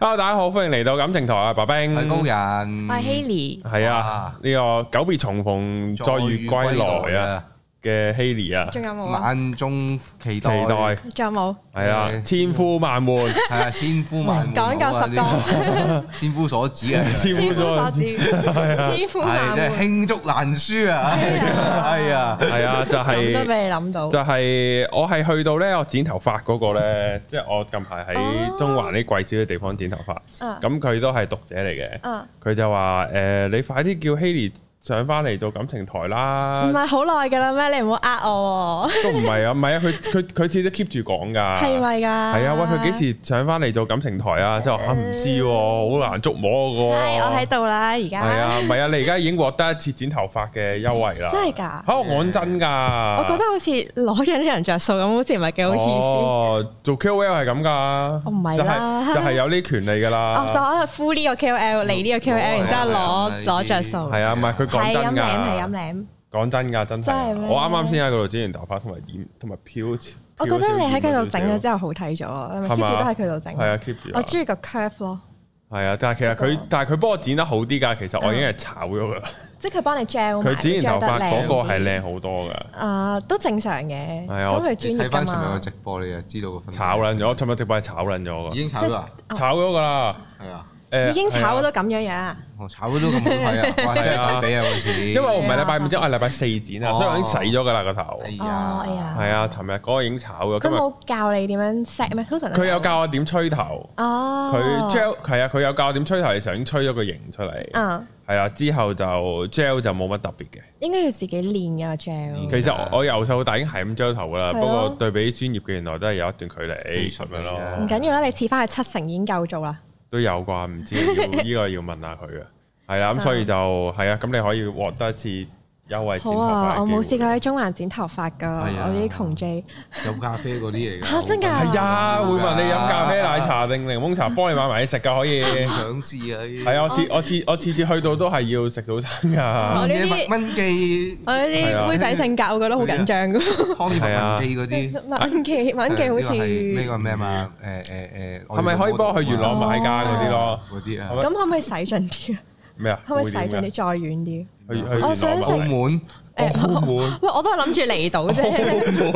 Hello 大家好，歡迎嚟到感情台啊！白兵，係高人，係 Hailee，係啊！呢哇、這個久別重逢，再遇歸來啊！嘅 Hailee 啊，萬眾期待，仲有冇？係啊，千呼萬喚，係啊，千呼萬，講夠十句，千夫所指啊，千夫所指，千呼萬，即係罄竹難書啊，係啊，係啊，就係，都未諗到，就係我係去到咧，我剪頭髮嗰個咧，即係我近排喺中環啲貴少啲地方剪頭髮，咁佢都係讀者嚟嘅，佢就話誒，你快啲叫 Hailee。上翻嚟做感情台啦？唔係好耐嘅啦咩？你唔好呃我。都唔係啊，唔係啊，佢佢佢自己 keep 住講㗎。係咪㗎？係啊，喂，佢幾時上翻嚟做感情台啊？就話唔知喎，好難捉摸喎。係，我喺度啦，而家。係啊，唔係啊，你而家已經獲得一次剪頭髮嘅優惠啦。真係㗎。我講真㗎。我覺得好似攞緊啲人着數咁，好似唔係幾好意思。做 KOL 係咁㗎。唔係就係有呢權利㗎啦。就我呼呢個 KOL 嚟呢個 KOL，然之後攞攞著數。係啊，唔係佢。係真噶，係飲領。講真噶，真係我啱啱先喺嗰度剪完頭髮，同埋染，同埋漂。我覺得你喺佢度整咗之後好睇咗 keep 住都喺佢度整。係啊，keep 住。我中意個 curve 咯。係啊，但係其實佢，但係佢幫我剪得好啲噶。其實我已經係炒咗噶啦。即係佢幫你 gel，佢剪完頭髮嗰個係靚好多噶。啊，都正常嘅，咁佢專業噶嘛。睇翻尋日個直播，你就知道個分。炒撚咗，尋日直播係炒撚咗噶，已經炒咗，炒咗噶啦，係啊。已經炒好多咁樣樣，炒咗都咁好睇啊！係啊，因為我唔係禮拜五啫，我係禮拜四剪啊，所以我已經洗咗噶啦個頭。哎呀，係啊，尋日嗰個已經炒咗。佢冇教你點樣 set 咩？通常佢有教我點吹頭。佢 gel 係啊，佢有教我點吹頭，嘅時候已經吹咗個型出嚟。係啊，之後就 gel 就冇乜特別嘅。應該要自己練嘅 gel。其實我由細到大已經係咁 gel 頭噶啦，不過對比專業嘅原來都係有一段距離。唔緊要啦，你似翻係七成已經夠做啦。都有啩，唔知要呢、 呢個要問下佢嘅，係啦，咁、 嗯、所以就係啊，咁你可以獲得一次。有為好啊，我冇試過喺中環剪頭髮噶，我啲窮 J。有咖啡嗰啲嚟嘅。嚇真㗎。係呀，會問你飲咖啡、奶茶定檸檬茶，幫你買埋嘢食㗎，可以。唔想試啊！呢啲。次我次我次次去到都係要食早餐㗎。我呢啲文記，我呢啲妹仔性格，我覺得好緊張㗎。康尼文記嗰啲。文記文記好似。呢個咩啊？誒誒誒，係咪可以幫我去元朗買家嗰啲咯？啲啊。咁可唔可以使盡啲啊？咩啊？係咪使咗你再遠啲？我想食滿。澳門喂，我都係諗住嚟到啫。澳門，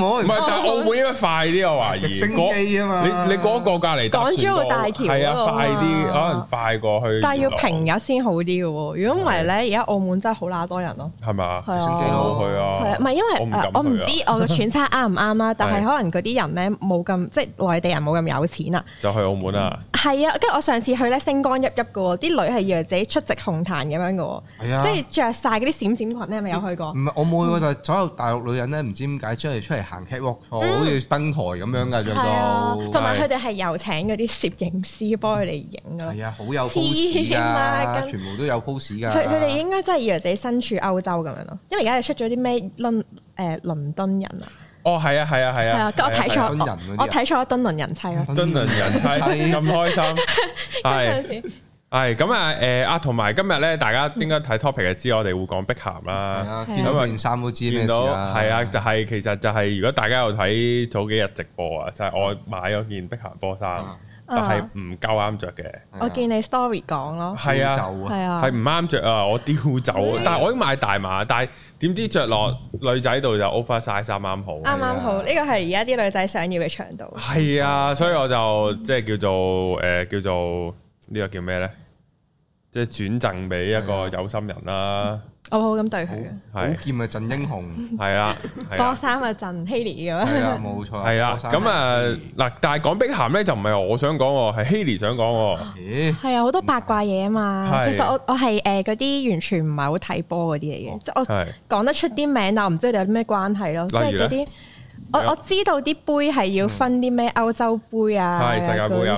澳門唔係，但澳門應該快啲，我懷疑直升機啊嘛。你你嗰個隔離嚟？港珠澳大橋係啊，快啲，可能快過去。但係要平日先好啲嘅，如果唔係咧，而家澳門真係好乸多人咯。係嘛？幾好去啊？唔係因為，我唔知我嘅揣測啱唔啱啊。但係可能嗰啲人咧冇咁，即係外地人冇咁有錢啊。就去澳門啊？係啊，跟住我上次去咧，星光熠熠嘅喎，啲女係以為自己出席紅毯咁樣嘅喎，即係着晒嗰啲閃閃裙咧。係咪有去過？唔係，我冇去過。就係所有大陸女人咧，唔知點解出嚟出嚟行 Cat Walk 好似登台咁樣㗎，最多。係啊，同埋佢哋係有請嗰啲攝影師幫佢哋影啊。係啊，好有 pose 啊！全部都有 pose 㗎。佢佢哋應該真係以為自己身處歐洲咁樣咯。因為而家係出咗啲咩倫誒倫敦人啊。哦，係啊，係啊，係啊。係啊，我睇錯我睇錯咗敦倫人妻咯。敦倫人妻咁開心。係咁啊！誒啊，同埋今日咧，大家點解睇 topic 就知我哋會講碧咸啦？見到件衫都知。見到係啊，就係其實就係如果大家有睇早幾日直播啊，就係我買咗件碧咸波衫，但係唔夠啱着嘅。我見你 story 講咯，係啊，係啊，係唔啱着啊！我丟走，但係我已經買大碼，但係點知着落女仔度就 over size，衫啱好。啱啱好呢個係而家啲女仔想要嘅長度。係啊，所以我就即係叫做誒，叫做。呢個叫咩咧？即係轉贈俾一個有心人啦。我好咁對佢嘅。寶劍啊，贈英雄。係啊，波衫啊，贈 Hailee 咁啊。冇錯。係啊，咁啊嗱，但係講碧咸咧就唔係我想講，係 Hailee 想講。咦？係啊，好多八卦嘢啊嘛。其實我我係誒嗰啲完全唔係好睇波嗰啲嚟嘅，即係我講得出啲名，但我唔知佢哋有咩關係咯，即係嗰啲。我我知道啲杯係要分啲咩歐洲杯啊，世界杯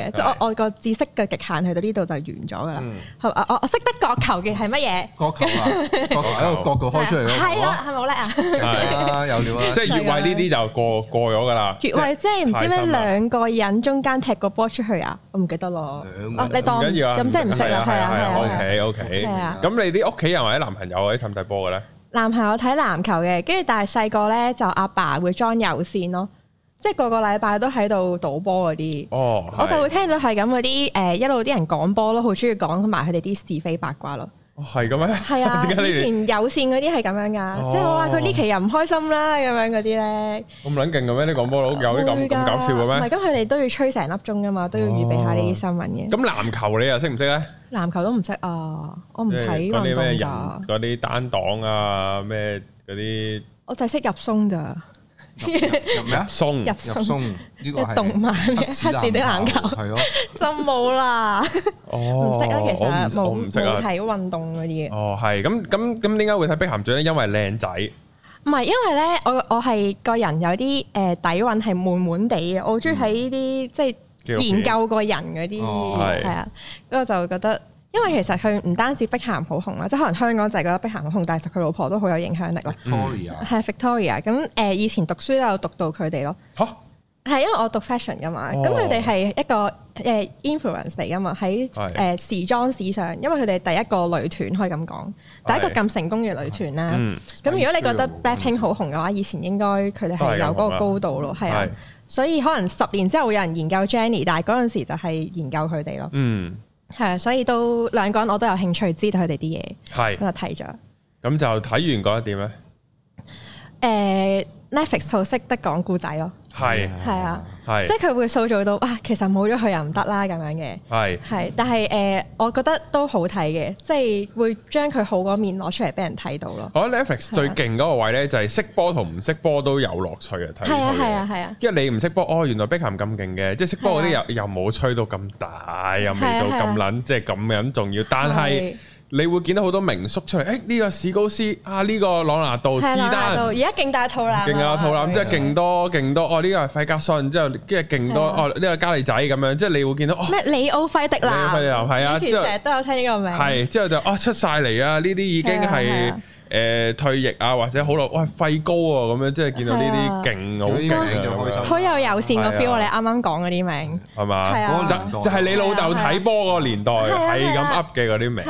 啊，即係我我個知識嘅極限去到呢度就完咗噶啦，係嘛？我我識得角球嘅係乜嘢？角球啊，角球喺度角度開出嚟咯，係啊，係咪好叻啊？有料啊！即係越位呢啲就過過咗噶啦。越位即係唔知咩兩個人中間踢個波出去啊？我唔記得咯。啊，你當咁即係唔識啦，係啊，OK OK。咁你啲屋企人或者男朋友係咪睇唔睇波嘅咧？男朋友睇籃球嘅，跟住但係細個咧就阿爸會裝有線咯，即係個個禮拜都喺度賭波嗰啲，哦、我就會聽到係咁嗰啲誒一路啲人講波咯，好中意講埋佢哋啲是非八卦咯。哦，係咁咩？係啊，以前有綫嗰啲係咁樣噶，哦、即係話佢呢期又唔開心啦，咁樣嗰啲咧。咁卵勁嘅咩？啲廣波佬有啲咁咁搞笑嘅咩？唔係，咁佢哋都要吹成粒鐘噶嘛，都要預備下呢啲新聞嘅。咁籃、哦、球你又識唔識咧？籃球都唔識啊，我唔睇運動噶。嗰啲咩人？嗰啲單檔啊，咩嗰啲？我就係識入松咋。入咩啊？入入松呢個係動漫嘅，踢地滾球係咯，就冇啦。哦，唔識啊，其實冇，唔識睇運動嗰啲嘢。哦，係咁咁咁，點解會睇《碧咸傳》咧？因為靚仔。唔係，因為咧，我我係個人有啲誒底蘊係悶悶地嘅，我好中意睇呢啲即係研究個人嗰啲係啊，咁我就覺得。因為其實佢唔單止碧咸好紅啊，即係可能香港就係覺得碧咸好紅，但係其實佢老婆都好有影響力啦 Victoria.。Victoria 係 Victoria 咁誒，以前讀書都有讀到佢哋咯。嚇係、啊、因為我讀 fashion 㗎嘛，咁佢哋係一個誒、呃、influence 嚟㗎嘛，喺誒是、呃、時裝史上，因為佢哋第一個女團可以咁講，是第一個咁成功嘅女團啦。咁、嗯、如果你覺得 BLACKPINK 好紅嘅話，以前應該佢哋係有嗰個高度咯，係啊。所以可能十年之後會有人研究 Jenny 但係嗰陣時就係研究佢哋咯。嗯。係，所以都兩個人我都有興趣知道佢哋啲嘢，咁的就睇咗。咁就睇完覺得點咧？誒、呃、Netflix 好識得講故仔咯。係係啊，即係佢會塑造到啊，其實冇咗佢又唔得啦咁樣嘅。係係，但係誒，我覺得都好睇嘅，即係會將佢好嗰面攞出嚟俾人睇到咯。我覺得 Netflix 最勁嗰個位咧，就係識波同唔識波都有樂趣嘅睇。係啊係啊係啊！因為你唔識波，哦原來碧咸咁勁嘅，即係識波嗰啲又又冇吹到咁大，又未到咁撚，即係咁樣重要。但係。你會見到好多名宿出嚟，誒、欸、呢、這個史高斯啊呢、這個朗拿度斯丹，而家勁大套啦、啊，勁大套啦，咁即係勁多勁多，哦呢個係費格遜，之後跟住勁多，對哦呢個加利仔咁樣，即、就、係、是、你會見到，咩李奧費迪啦，李奧係啊，之前成日都有聽過名，係之後就是對就是、哦出晒嚟啊，呢啲已經係。誒、呃、退役啊，或者好耐，喂，費高啊，咁樣即係見到呢啲勁，好、啊、勁好哇有友善個 feel、啊、你啱啱講嗰啲名係嘛？就就係、係你老豆睇波個年代係咁 up 嘅嗰啲名。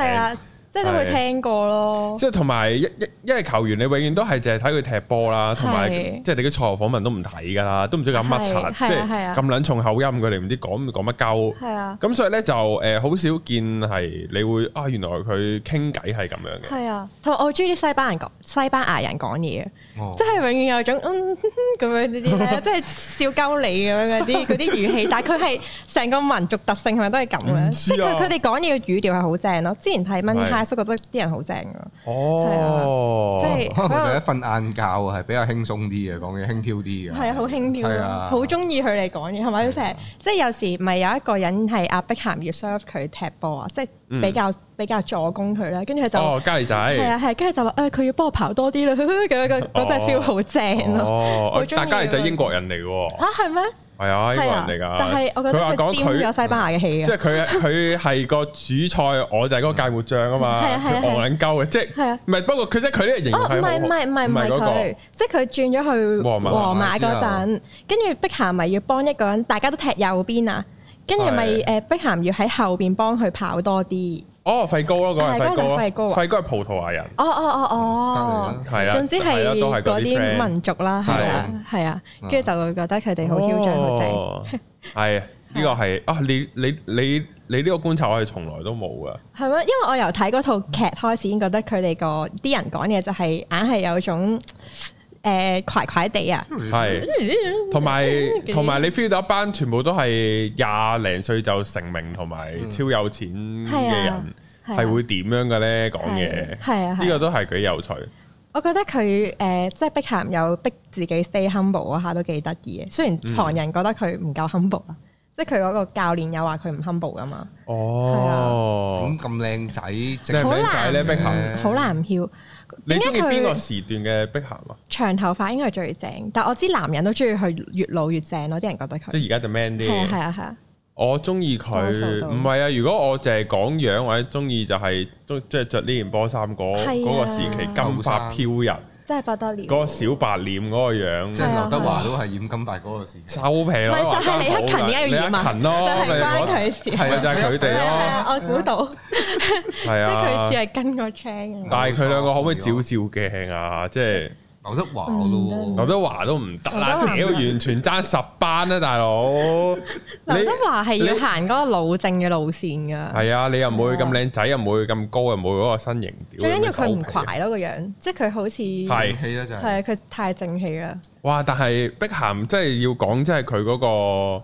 即係會聽過咯，即係同埋一一因為球員你永遠都係淨係睇佢踢波啦，同埋的即係你啲賽後訪問都唔睇噶啦，都唔知講乜柒，即係咁撚重口音，佢哋唔知講講乜鳩，咁的所以咧就誒好少見，係你會啊原來佢傾偈係咁樣嘅，係啊，同埋我中意啲西班牙講西班牙人講嘢。即係永遠有種嗯咁樣呢啲咧，即係笑鳩你咁樣嗰啲嗰啲語氣，但係佢係成個民族特性係咪都係咁嘅？佢佢哋講嘢嘅語調係好正咯。之前睇《蚊哈叔》，覺得啲人好正㗎。哦，係啊，即係大家瞓晏覺係比較輕鬆啲嘅，講嘢輕佻啲嘅。係啊，好輕佻啊，好中意佢哋講嘢，係咪？即係即係有時咪有一個人係阿碧咸要 serve 佢踢波啊，即係。比較比較助攻佢啦，跟住就哦，加利仔，係啊係，跟住就話誒，佢要幫我跑多啲啦，咁樣個嗰隻 feel 好正咯。哦，但加利仔英國人嚟嘅，吓係咩？係啊，英國人嚟噶。但係我佢話講佢有西班牙嘅氣啊，即係佢佢係個主菜，我就係嗰個界務將啊嘛，叫王冷鈎嘅，即係啊，唔係。不過佢即係佢呢個型係唔係唔係唔係唔係佢，即係佢轉咗去皇馬嗰陣，跟住碧咸咪要幫一個人，大家都踢右邊啊。跟住咪誒，碧咸要喺後邊幫佢跑多啲。哦，費高咯，嗰個費高，費高係葡萄牙人。哦哦哦哦，係啦，總之係嗰啲民族啦，係啊，係啊，跟住就會覺得佢哋好囂張，好正。係，呢個係啊！你你你你呢個觀察，我係從來都冇噶。係咩？因為我由睇嗰套劇開始，已經覺得佢哋個啲人講嘢就係硬係有種。誒，攰攰地啊，係，同埋同埋你 feel 到一班全部都係廿零歲就成名，同埋超有錢嘅人，係會點樣嘅咧？講嘢，係啊，呢個都係幾有趣。我覺得佢誒，即係碧咸有逼自己 stay humble 嗰下都幾得意嘅，雖然旁人覺得佢唔夠 humble 啊，即係佢嗰個教練又話佢唔 humble 㗎嘛。哦，咁咁靚仔，靚仔呢？碧咸，好難飄。你中意邊個時段嘅碧咸嘛？長頭髮應該係最正，但係我知男人都中意去越老越正咯，啲人覺得佢。即係而家就 man 啲。係啊係啊。啊啊我中意佢，唔係啊！如果我淨係講樣或者中意就係，即係着呢件波衫嗰嗰個時期金髮飄逸。真係百多年，嗰個小白臉嗰個樣，即係劉德華都係演金大哥個事收皮咯。唔係就係李克勤而家要演嘛，就係關佢事，唔係就係佢哋咯。我估到，即係佢只係跟個 chain。但係佢兩個可唔可以照照鏡啊？即係。劉德華咯，劉德華都唔得啦，你都完全爭十班啊，大佬！劉德華係要行嗰個老正嘅路綫噶，係啊，你又唔會咁靚仔，又唔會咁高，又冇佢嗰個身形，最緊要佢唔快咯個樣，即係佢好似係啦，係啊，佢太正氣啦。哇！但係碧咸即係要講，即係佢嗰個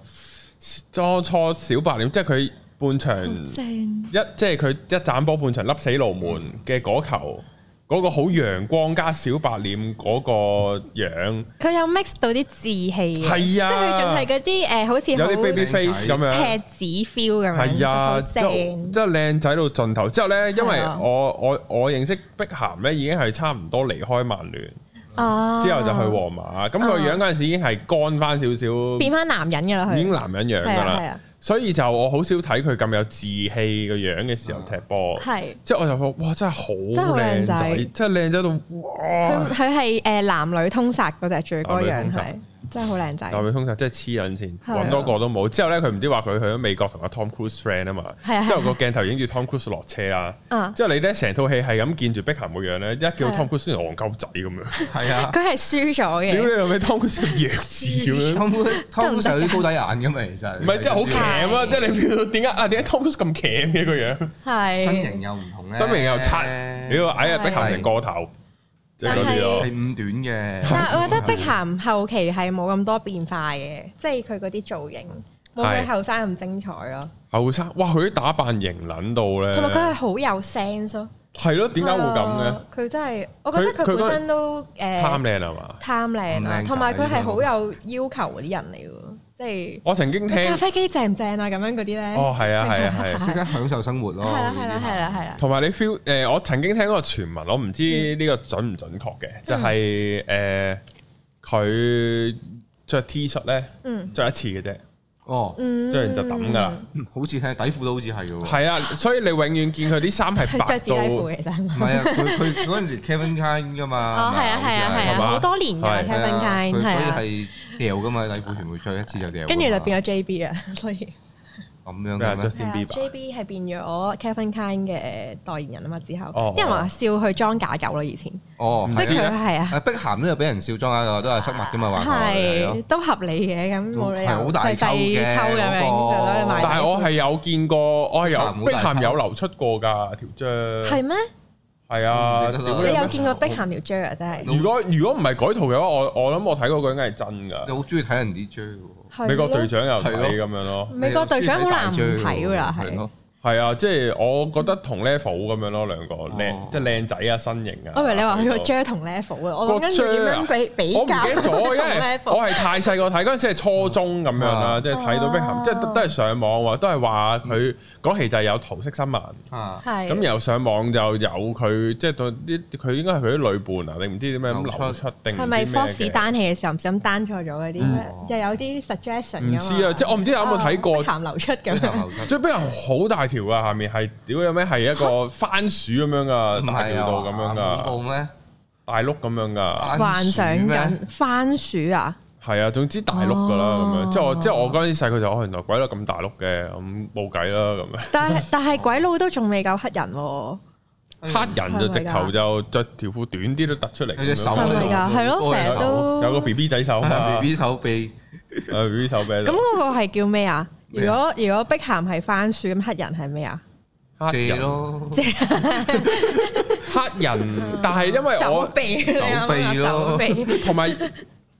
初初小白臉，即係佢半場一，即係佢一盞波半場笠死龍門嘅嗰球。嗰個好陽光加小白臉嗰個樣，佢有 mix 到啲稚氣，係啊，即係仲係嗰啲誒，好似有啲 baby face 咁仔樣，赤子 feel 咁樣，係啊，即係即係靚仔到盡頭。之後咧，因為我、啊、我我，我認識碧咸咧，已經係差唔多離開曼聯，啊、之後就去皇馬。咁佢個樣嗰陣時已經係乾翻少少，變翻男人噶啦，已經男人樣噶啦。所以就我好少睇佢咁有志氣個樣嘅時候踢波，是即係我就覺得：哇，真係好，真係靚仔，真係靚仔,仔到佢係誒男女通殺嗰隻最高樣仔。真係好靚仔，代表佢通常真係黐撚線，揾多個都冇。之後咧，佢唔知話佢去咗美國同阿 Tom Cruise friend 啊嘛。之後個鏡頭影住 Tom Cruise 落車啦。之後你咧成套戲係咁見住碧咸個樣咧，一叫 Tom Cruise 好似憨鳩仔咁樣。係啊，佢係輸咗嘅。屌你老味，Tom Cruise 弱智咁樣。Tom Cruise 有啲高底眼咁嘛，其實。唔係真係好僆啊！即係你唔知點解啊？點解 Tom Cruise 咁僆嘅個樣？係身形又唔同咧，身形又差。屌矮阿碧咸成個頭。但係係唔短嘅，但係我覺得碧咸後期係冇咁多變化嘅， 即係佢嗰啲造型冇佢後生咁精彩咯。後生哇，佢啲打扮型撚到咧，同埋佢係好有 sense 咯。係咯，點解會咁嘅？佢、啊、真係，我覺得佢本身都誒、呃、貪靚係嘛，貪靚同埋佢係好有要求嗰啲人嚟嘅。我曾經聽咖啡機正唔正啊？咁樣嗰啲咧，哦，係啊，係啊，係，識得享受生活咯。係啦係啦係啦係啦。同埋你 feel 誒，我曾經聽嗰個傳聞，我唔知呢個準唔準確嘅，就係誒佢着 T 恤咧，着一次嘅啫。哦，著完就抌噶啦，好似聽底褲都好似係喎。係啊，所以你永遠見佢啲衫係白到。著底褲其實。係啊，佢佢嗰陣時 Calvin Klein 噶嘛。哦，係啊係啊係啊，好多年嘅 Calvin Klein 掉噶嘛，禮服全部着一次就掉，跟住就變咗 JB 啊，所以咁樣嘅咩？JB 係變咗我 Calvin Klein 嘅代言人啊嘛，之後啲人話笑佢裝假狗咯，以前哦，碧咸係啊，碧咸都有俾人笑裝假狗，都係失物噶嘛，係都合理嘅，咁冇理由係好大抽嘅，但係我係有見過，我係碧咸有流出過噶條章，係咩？係啊，你有見過碧咸條 J 啊？真係的。如果如果唔係改圖嘅話，我我諗我睇嗰個應該係真㗎。你好中意睇人哋 J 喎，啊、美國隊長又睇咁、啊、樣咯。啊、美國隊長好難唔睇㗎係？係啊，即係我覺得同 Level 咁樣咯，兩個靚即係靚仔啊，身型啊。我以為你話佢個 J 同 Level 啊，我諗緊要點樣比較。我唔記得咗，因為我係太細個睇，嗰陣時係初中咁樣啦，即係睇到碧咸，即係都都係上網話，都係話佢嗰期就係有桃色新聞啊。係。咁又上網就有佢，即係對啲佢應該係佢啲女伴啊，你唔知點樣咁流出定係咪 Foxy 單戲嘅時候唔小心單錯咗嗰啲，又有啲 suggestion。唔知啊，即係我唔知有冇睇過。碧咸流出咁樣，最邊個好大？條啊，下面係屌有咩？係一個番薯咁樣噶，大條度咁樣噶，大碌咁樣噶，幻想緊番薯啊！係啊，總之大碌噶啦咁樣。即係我，即係我嗰陣時細個就，原來鬼佬咁大碌嘅，咁冇計啦咁樣。但係但係鬼佬都仲未夠黑人，黑人就直頭就着條褲短啲都突出嚟，隻手喺度，係咯，成日都有個 B B 仔手，B B 手臂，B B 手臂。咁嗰個係叫咩啊？如果如果碧咸係番薯，咁黑人係咩啊？黑人咯，黑人， 黑人。但係因為我手，我手臂、手臂、手臂同埋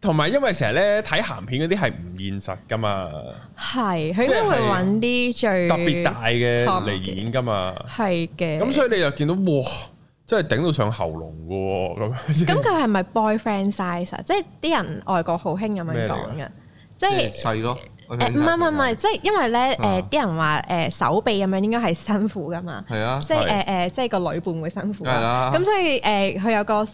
同埋，因為成日咧睇鹹片嗰啲係唔現實噶嘛。係佢都會揾啲最特別大嘅嚟演噶嘛。係嘅。咁的所以你又見到哇，真係頂到上喉嚨嘅喎咁。咁佢係咪 boyfriend size？即係啲人外國好興咁樣講嘅，即係細咯。誒唔係唔係唔係，即係因為咧誒啲人話誒手臂咁樣應該係辛苦噶嘛，係啊，即係誒誒，即係個女伴會辛苦，係啊，咁所以誒佢有個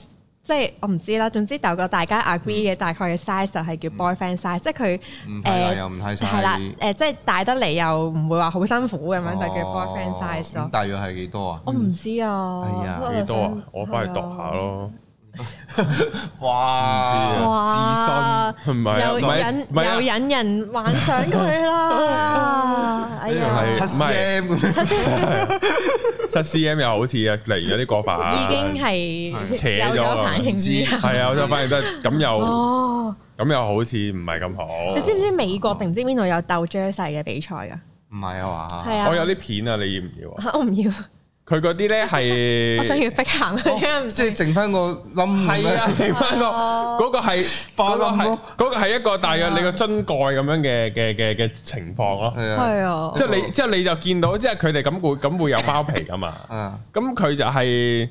即係我唔知啦，總之就個大家 agree 嘅大概嘅 size 就係叫 boyfriend size，即係佢誒，又唔太細，係啦，誒即係大得嚟又唔會話好辛苦咁樣，就叫 boyfriend size 咯。大約係幾多啊？我唔知啊，係啊，幾多啊？我幫你讀下咯。哇！自信，又引又引人幻想佢啦！七 cm，七 cm，又好似啊，嚟咗啲過法，已經係扯咗反應啲。係啊，有反應得咁又咁又好似唔係咁好。你知唔知美國定唔知邊度有鬥爵士嘅比賽㗎？唔係啊嘛，我有啲片啊，你要唔要啊？我唔要。佢嗰啲咧係，呢我想月壁行、哦、即係剩翻個冧，係啊，剩翻個嗰 個係花冧咯，嗰個係、嗰個、一個大約你個樽蓋咁樣嘅嘅嘅嘅情況咯，係啊，即係你、啊、你即係你就見到即係佢哋咁會咁會有包皮噶嘛，咁佢 就係、係。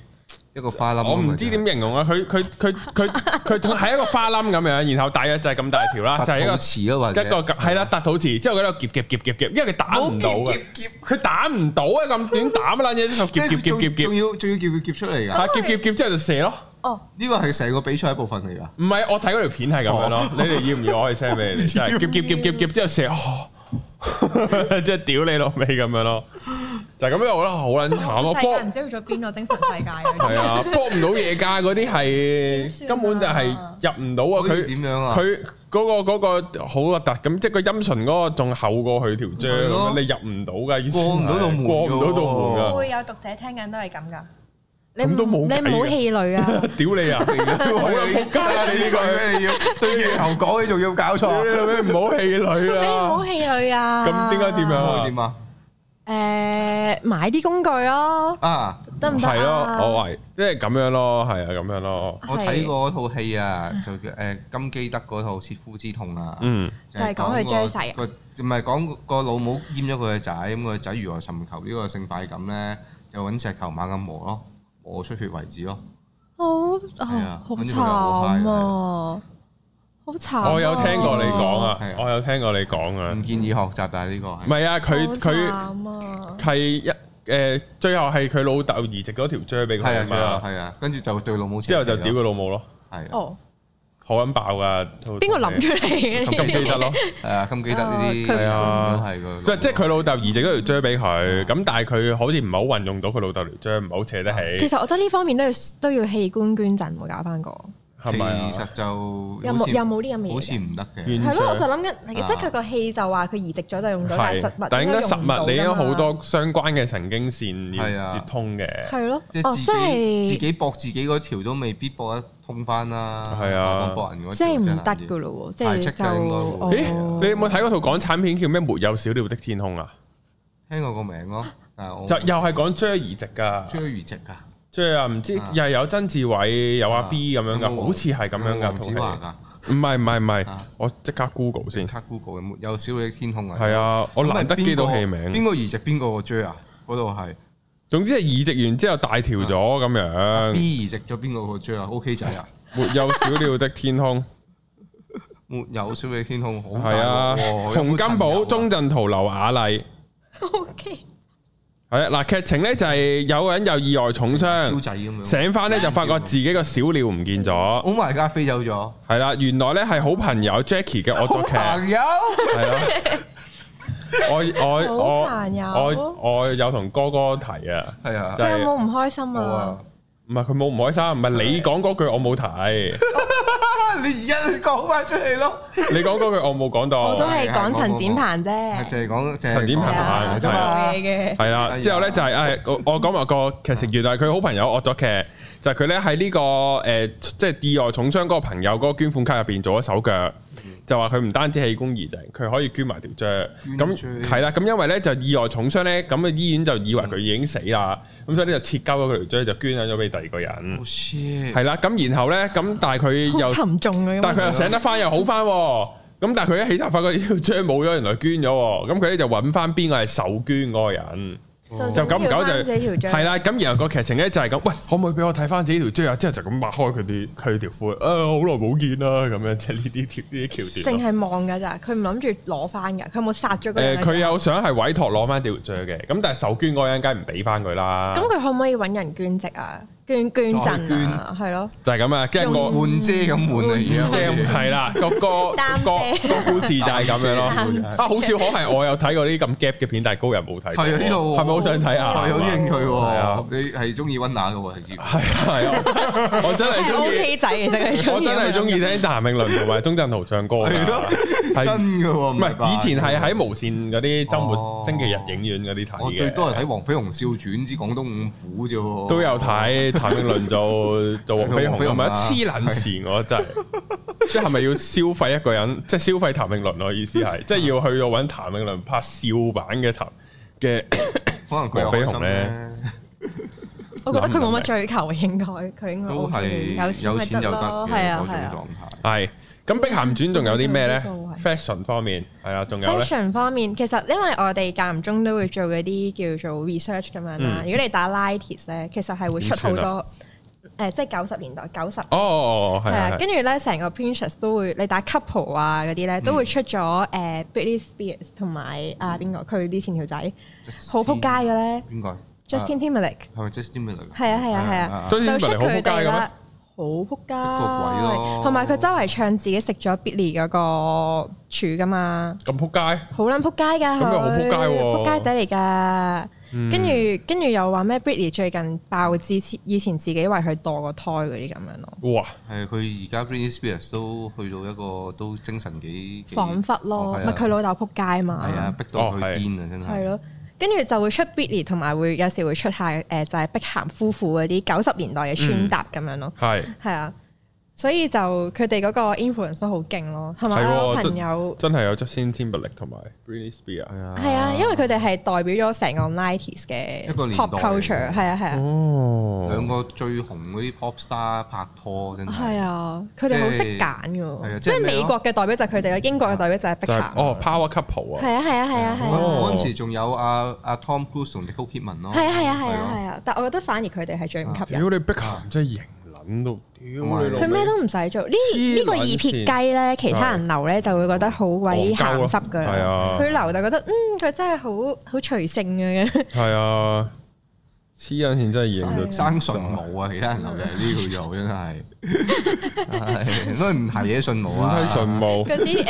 一個花冧，我唔知點形容啊！佢佢佢佢佢，係一個花冧咁樣，然後大約就係咁大條啦，就係一個池咯，或者一個係啦，打土池之後喺度夾夾夾夾夾，因為佢打唔到嘅，夾夾佢打唔到啊！咁短打乜撚嘢，夾夾夾夾夾，仲要仲要叫佢夾出嚟噶，夾夾夾之後就射咯。哦，呢個係成個比賽一部分嚟噶。唔係，我睇嗰條片係咁樣咯。你哋要唔要我去 send 俾你？即係夾夾夾夾夾之後射，即係屌你老味咁樣咯。就咁樣，我覺得好撚慘咯！卜唔知去咗邊個精神世界？係啊，卜唔到嘢架，嗰啲係根本就係入唔到啊！佢點樣啊？佢嗰個嗰個好核突咁，即係個陰唇嗰個仲厚過佢條脹，你入唔到噶，要穿過唔到道門。會有讀者聽緊都係咁噶。你唔都冇，你唔好氣餒啊！屌你啊！你個好撲街啊！你呢個咩要對夜頭講，你仲要搞錯？唔好氣餒啊！唔好氣餒啊！咁點解點啊？點啊？誒、呃，買啲工具咯，啊，得唔得？係咯、啊，我係即係咁樣咯，係啊，咁樣咯。我睇過套戲啊， 就叫誒金基德嗰套《切膚之痛》啊，嗯，是就係講佢追細，唔係講個老母閹咗佢個仔，咁個仔如何尋求個呢個性快感咧，就揾石球猛咁磨咯，磨出血為止咯，好啊，好慘啊！我有聽過你講啊，我有聽過你講啊，唔建議學習，但係呢個係唔係啊？佢佢係一誒，最後係佢老豆移植嗰條錐俾佢啊嘛，係啊，跟住就對老母之後就屌佢老母咯，係哦，好狠爆噶，邊個諗出嚟咁記得咯，啊。咁記得呢啲係啊，係即係佢老豆移植嗰條錐俾佢，咁但係佢好似唔係好運用到佢老豆條錐，唔好扯得起。其實我覺得呢方面都要都要器官捐贈，我搞翻個。其實就有冇又冇啲咁嘅嘢，好似唔得嘅。係咯，我就諗緊，即係佢個戲就話佢移植咗就用咗，但係實物，但係應該實物，你有好多相關嘅神經線要接通嘅。係咯，即係自己自己駁自己嗰條都未必駁得通翻啦。係啊，駁人嗰條係唔得㗎咯。即係就，咦？你有冇睇過套港產片叫咩？沒有小鳥的天空啊？聽過個名咯，又係講將移植㗎，將移植㗎。即係啊，唔知又係有曾志偉有阿 B 咁樣噶，好似係咁樣噶，唔知啊，唔係唔係唔係，我即刻 Google 先，即刻 Google 有小鳥的天空啊，係啊，我難得記到戲名，邊個移植邊個個 J 啊，嗰度係，總之係移植完之後大條咗咁樣，B 移植咗邊個個 J 啊，OK 仔啊，沒有小鳥的天空，沒有小鳥的天空，好係啊，洪金寶、鍾鎮濤劉雅麗，OK。係啦，劇情咧就係有人有意外重傷，醒翻咧就發覺自己個小鳥唔見咗，好埋家飛走咗。係啦，原來咧係好朋友 Jackie 嘅惡作劇，朋友係咯，我我我我我有同哥哥提啊，係啊，你有冇唔開心啊？唔係佢冇唔開心，唔係你講嗰句我冇提。你而家你講翻出嚟咯！你講嗰句我冇講到， 我都係講陳展鵬啫，那個啊啊，就係講陳展鵬同埋做嘢嘅，係啦。之後咧就係誒，我我講埋個，其實原來佢好朋友惡咗劇，就係佢咧喺呢、呢個誒，即係意外重傷嗰個朋友嗰個捐款卡入邊做咗手腳。就話佢唔單止器官移植，佢可以捐埋條雀。咁係啦，咁因為咧就意外重傷咧，咁嘅醫院就以為佢已經死啦，咁所以咧就切交咗佢條雀，就捐咗俾第二個人。好係啦，咁然後咧，咁但係佢又，但係佢又醒得翻又好翻，咁 但係佢一起牀發覺條雀冇咗，原來捐咗，咁佢咧就揾翻邊個係受捐嗰個人。嗯、就咁唔久就係，係啦。咁然後個劇情咧就係咁，喂，可唔可以俾我睇翻自己條鑽啊？之後就咁擘開佢啲佢條褲，啊，好耐冇見啦，咁樣即係呢啲條呢啲橋段。淨係望㗎咋，佢唔諗住攞翻㗎，佢冇殺咗佢。誒、呃，佢有想係委託攞翻吊墜嘅，咁但係受捐嗰個人梗係唔俾翻佢啦。咁佢可唔可以揾人捐積啊？捐捐贈啊，係咯，就係咁啊，跟住換姐咁換嚟，即係係啦，個個個個故事就係咁樣咯。啊，好少可係我有睇過啲咁 gap 嘅片，但係高人冇睇。係啊，呢度係咪好想睇啊？有啲興趣喎。係啊，你係中意溫拿嘅喎，係知。係啊係啊，我真係中意。O K 仔，其實我真係中意聽譚詠麟同埋鍾鎮濤唱歌。真嘅喎，唔係以前係喺無線嗰啲周末、星期日影院嗰啲睇嘅。我最多係睇《黃飛鴻笑傳》之《廣東五虎》啫喎。都有睇，譚詠麟做做黃飛鴻，係咪黐撚線？我真係即係咪要消費一個人？即係消費譚詠麟，我意思係即係要去揾譚詠麟拍笑版嘅譚嘅，可能黃飛鴻咧。我覺得佢冇乜追求，應該佢應該都係有錢就得嘅嗰種。咁《碧咸傳》仲有啲咩咧？fashion 方面係啊，仲有咧？fashion 方面，其實因為我哋間唔中都會做嗰啲叫做 research 咁樣啦。如果你打 ladies 咧，其實係會出好多誒，即係九十年代、九十哦哦哦，係啊。跟住咧，成個 princess 都會你打 couple 啊嗰啲咧，都會出咗誒 Britney Spears 同埋啊邊個佢啲前條仔好撲街嘅咧？邊個 Justin Timberlake 係咪 Justin Timberlake？係啊係啊係啊 j u 佢哋 i 好仆、哦、街，鬼同埋佢周圍唱自己食咗 Britney 嗰個柱噶嘛，咁仆街，好撚仆街噶、啊，咁又好仆街、啊，仆街仔嚟噶、嗯，跟住跟住又話咩 Britney 最近爆之前以前自己為佢墮個胎嗰啲咁樣咯，哇，係佢而家 Britney Spears 都去到一個都精神幾恍惚咯，咪佢老豆仆街嘛，係啊逼到佢癲啊真係。跟住就會出 Billy，同埋會有時會出下誒，就係碧咸夫婦嗰啲九十年代嘅穿搭咁樣咯。係是，係啊。所以就佢哋嗰個 influence 都好勁咯，係咪？朋友真係有 Justin Timberlake 同埋 Britney Spears，係啊，因為佢哋係代表咗成個 90s 嘅 pop culture，係啊係啊。哦，兩個最紅嗰啲 pop star 拍拖真係。係啊，佢哋好識揀㗎喎。即係美國嘅代表就係佢哋咯，英國嘅代表就係碧咸。哦，Power Couple 啊。係啊係啊係啊係啊。嗰陣時仲有阿阿 Tom Cruise 同 Nicole Kidman 咯。係啊係啊係啊係啊，但我覺得反而佢哋係最唔吸引。如果你碧咸真係型。五六屌佢咩都唔使做，呢呢著個二撇雞咧，其他人留咧是就會覺得好鬼鹹濕㗎啦。佢留、啊、就覺得嗯，佢真係好好隨性嘅。係 啊，黐緊線真係嚴重，生、啊、順冇啊！其他人留就呢條友真係。 都唔係嘢，唇毛啊，唇毛。嗰啲誒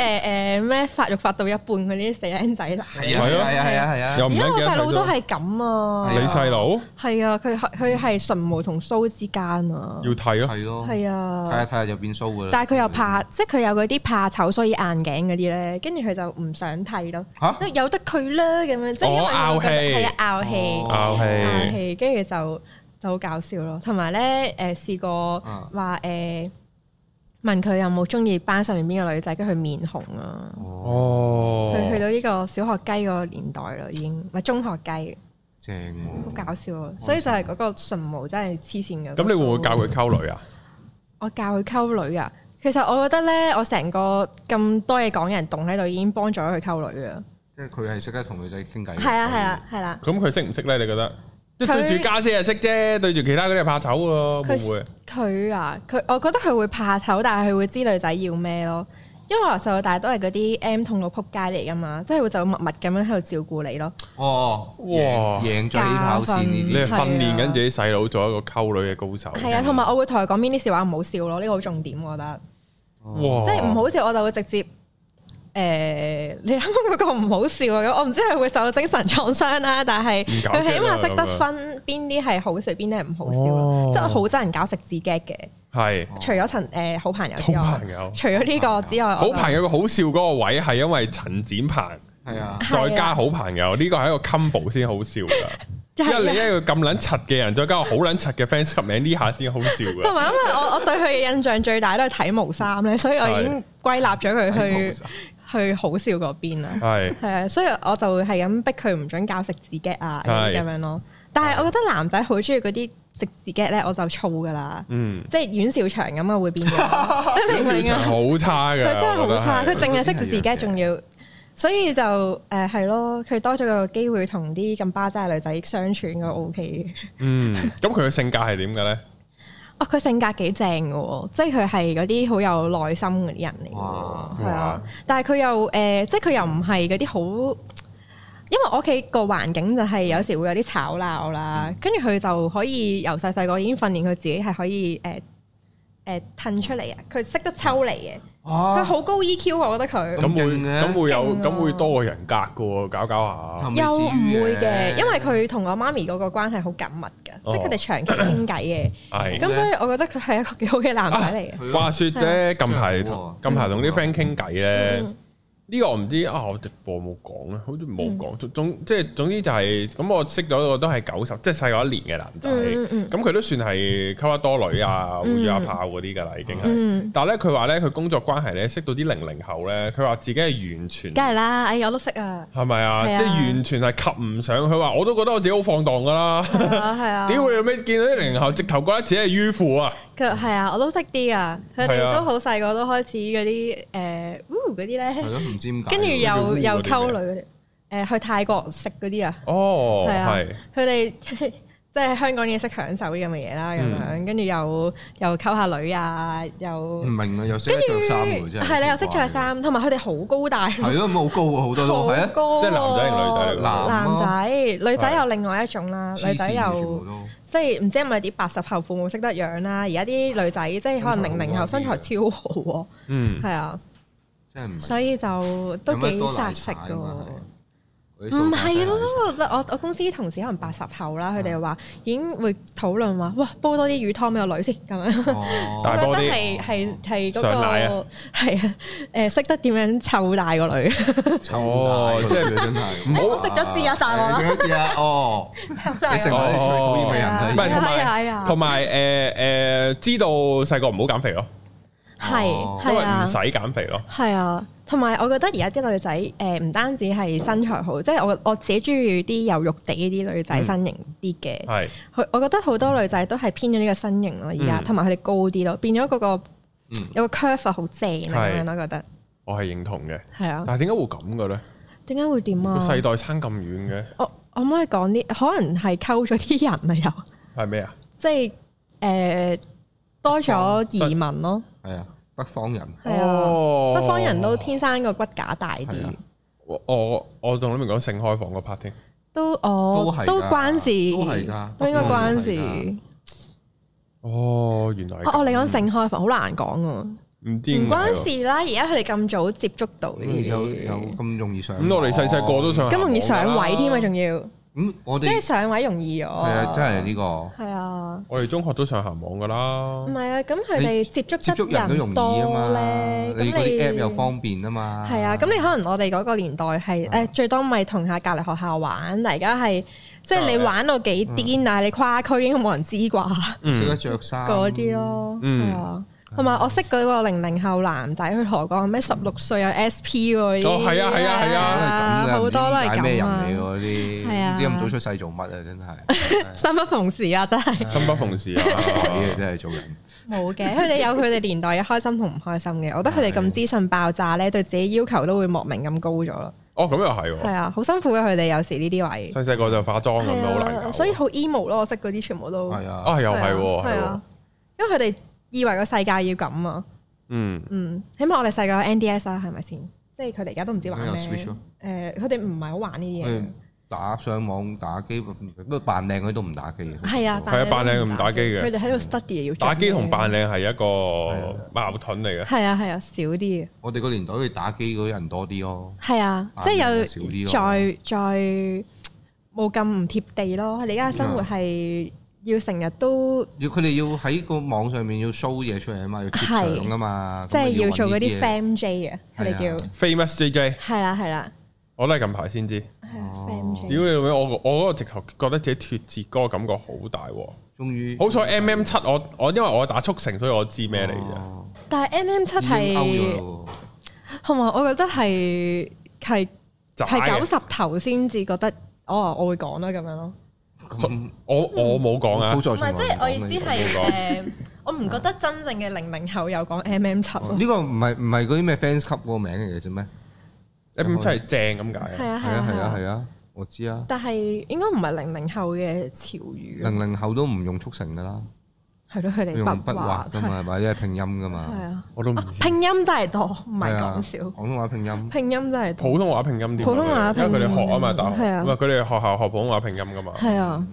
誒咩發育發到一半嗰啲死靚仔，係啊係啊係啊係啊。而家我細佬都係咁啊。你細佬？係啊，佢係佢係唇毛同鬚之間啊。要睇咯，係咯。係啊，睇下睇下有變鬚噶啦。但係佢又怕，即係佢有嗰啲怕醜，所以硬頸嗰啲咧，跟住佢就唔想剃咯。有得佢啦咁樣，即係因為佢覺得係啊，拗氣，拗氣，拗氣，跟住就。就好搞笑咯，同埋咧，誒、呃、試過話誒、呃、問佢有冇中意班上面邊個女仔，跟佢面紅啊！哦，佢去到呢個小學雞嗰個年代咯，已經唔中學雞，正好、哦、搞笑啊。哦、所以就係嗰個唇毛真係黐線嘅。咁你會唔會教佢溝女啊？我教佢溝女噶，其實我覺得咧，我成個咁多嘢講嘅人，動喺度已經幫助咗佢溝女嘅。即係佢係識得同女仔傾偈，係啊，係啊，係啦、啊。咁佢、啊、識唔識咧？你覺得？他對住家姐就識啫，對住其他嗰啲怕醜咯，唔會。佢啊，佢我覺得佢會怕醜，但係佢會知女仔要咩咯。因為由細到大都係嗰啲 M 痛到撲街嚟噶嘛，即係會就默默咁樣喺度照顧你咯。哦，哇，贏咗分起跑線，你係訓練緊自己細佬做一個溝女嘅高手。係啊，同埋我會同佢講邊啲笑話唔好笑咯，呢個好重點我覺得。即係唔好笑我就會直接。誒，你啱啱嗰個唔好笑啊！我唔知佢會受到精神創傷啦，但係佢起碼識得分邊啲係好笑，邊啲係唔好笑，即係好憎人搞食字 gag 嘅。係除咗陳誒好朋友，朋友除咗呢個之外，好朋友嘅好笑嗰個位係因為陳展鵬係啊，再加好朋友呢個係一個 combo 先好笑噶，因為你一個咁撚柒嘅人，再加個好撚柒嘅 fans 出名呢下先好笑噶。同埋因為我我對佢嘅印象最大都係睇毛衫咧，所以我已經歸納咗佢去。去好笑嗰邊啊，係係啊，所以我就會係咁逼佢唔準教食字 gag 啊，咁是樣咯。但係我覺得男仔好中意嗰啲食字 gag e 咧，我就燥噶啦，嗯，即係阮兆祥咁啊，會變咗，唔明好差㗎，佢 真係好差，佢淨係識食字 gag 仲要，嗯、所以就誒係咯，佢、呃、多咗個機會同啲咁巴渣女仔相處應該 O K 嘅。OK、 嗯，咁佢嘅性格係點嘅咧？啊！佢、哦、性格幾正嘅喎，即係佢係嗰啲好有耐心嘅人嚟嘅，哇係啊！哇但係佢又誒、呃，即係佢又唔係嗰啲好，因為我屋企個環境就係有時會有啲吵鬧啦，跟住佢就可以由細細個已經訓練佢自己係可以誒誒褪出嚟啊！佢識得抽離嘅。嗯嗯。佢好高 EQ，我覺得佢咁會咁會有咁會多個人格嘅喎，搞搞下又唔會嘅，因為佢同我媽咪嗰個關係好緊密嘅，即係佢哋長期傾偈嘅，咁所以我覺得佢係一個幾好嘅男仔嚟嘅。話說啫，近排同近排同啲 friend 傾偈咧。呢個我唔知啊，我直播冇講啊，好似冇講總即係總之就係咁，我識咗個都係九十，即係細過一年嘅男仔，咁佢都算係溝得多女啊，會約炮嗰啲㗎啦，已經係。但係咧，佢話咧，佢工作關係咧，識到啲零零後咧，佢話自己係完全，梗係啦，哎，我都識啊，係咪啊？即係完全係及唔上。佢話我都覺得我自己好放蕩㗎啦，係啊。點會有咩見到啲零零後，直頭覺得自己係迂腐啊。佢係啊，我都識啲啊，佢哋都好細個都開始嗰啲誒，啲咧。跟住又又溝女嗰啲，誒去泰國食嗰啲啊，哦，係啊，佢哋即係香港嘢識享受咁嘅嘢啦，咁樣跟住又又溝下女啊，又唔明啊，又識著衫，係你又識着衫，同埋佢哋好高大，係咯，好高好多都，高即係男仔、女仔，男仔、女仔有另外一種啦，女仔又即係唔知係咪啲八十後父母識得養啦，而家啲女仔即係可能零零後身材超好喎，嗯，係啊。所以就都幾殺食嘅喎，唔係咯？我我公司同事可能八十後啦，佢哋話已經會討論話：哇，煲多啲魚湯俾個女先咁樣。我覺得係係係嗰個係啊，誒識得點樣湊大個女。哦，即係真係唔好食咗滋一啖喎。哦，你成為廚藝名人係同埋誒誒知道細個唔好減肥咯。係，因為唔使減肥咯。係啊，同埋我覺得而家啲女仔，誒唔單止係身材好，即係我我自己中意啲有肉地啲女仔身形啲嘅。係，佢我覺得好多女仔都係偏咗呢個身形咯。而家同埋佢哋高啲咯，變咗嗰個有個 curve 好正咁樣，我覺得。我係認同嘅。係啊，但係點解會咁嘅咧？點解會點啊？世代差咁遠嘅。我我可以講啲，可能係溝咗啲人啊又。係咩啊？即係誒多咗移民咯。係啊，北方人，係啊，北方人都天生個骨架大啲。我我同你明講性開房個 part 添，都哦都，都關事，都係噶，都應該關事。哦，原來哦，你講性開房好難講啊，唔知唔關事啦。而家佢哋咁早接觸到、嗯，有有咁容易上，咁我哋細細個都上，咁容易上位添啊，仲、嗯、要。咁、嗯、我哋即係上位容易咗。係、這個、啊，真係呢個。係啊。我哋中學都上行網噶啦。唔係啊，咁佢哋接觸接觸人都容易啊嘛。你嗰啲 app 又方便啊嘛。係啊，咁你可能我哋嗰個年代係誒、啊、最多咪同下隔離學校玩，而家係即係你玩到幾癲啊！啊你跨區應該冇人知啩。得着衫嗰啲咯。嗯、啊。同埋我識嗰個零零後男仔，去何講咩？十六歲有 S P 啊，喎，啊，啲啊，好多都係咁啊！係啊，唔知咁早出世做乜啊？真係，生不逢時啊，真係。生不逢時啊，真係做人。冇嘅，佢哋有佢哋年代嘅開心同唔開心嘅。我覺得佢哋咁資訊爆炸咧，對自己要求都會莫名咁高咗咯。哦，咁又係。係啊，好辛苦嘅佢哋，有時呢啲位。細細個就化妝咁樣好難。所以好 emo 咯，我識嗰啲全部都。係啊。啊，又係。係啊，因為佢哋。以為個世界要咁啊！嗯嗯，起碼我哋細個有 NDS 啦，係咪先？即係佢哋而家都唔知玩咩？佢哋唔係好玩呢啲嘢。打上網打機，不過扮靚嗰啲都唔打機嘅。係啊，扮靚唔打機嘅。佢哋喺度 study 要。打機同扮靚係一個矛盾嚟嘅。係啊係啊，少啲、啊、我哋個年代好似打機嗰啲人多啲咯。係啊，即係、啊就是、有少啲咯，再再冇咁唔貼地咯。你而家嘅生活係。要成日都要，佢哋要喺個網上面要 show 嘢出嚟啊嘛，要截樣啊嘛，即係要做嗰啲 Fam J 嘅。佢哋叫 Famous JJ。係啦係啦，我都係近排先知。係啊，屌你老味！我我嗰個直頭覺得自己脫節嘅感覺好大，終於好彩 M M 七，我我因為我打速成，所以我知咩嚟啫。但係 M M 七係同埋，我覺得係係係九十頭先至覺得，哦，我會講啦，咁樣咯。我、嗯、我冇講啊不，唔係即係我意思係誒，沒說 我唔覺得真正嘅零零後有講 M M 七。呢個唔係唔係嗰啲咩 fans club 嗰個名嚟嘅啫咩？M M 七係正咁解、啊，係啊係啊係啊，啊，我知啊。但係應該唔係零零後嘅潮語。零零後都唔用速成㗎啦。係咯，佢哋用白話噶嘛，係咪的？因為、啊、拼音噶嘛。我都唔知拼音真係多，唔係講笑。廣東話拼音。拼音真係多。普通話拼音點。普通話因為佢哋學啊嘛，平學大學。係啊的。佢哋學校學普通話拼音噶嘛。係啊，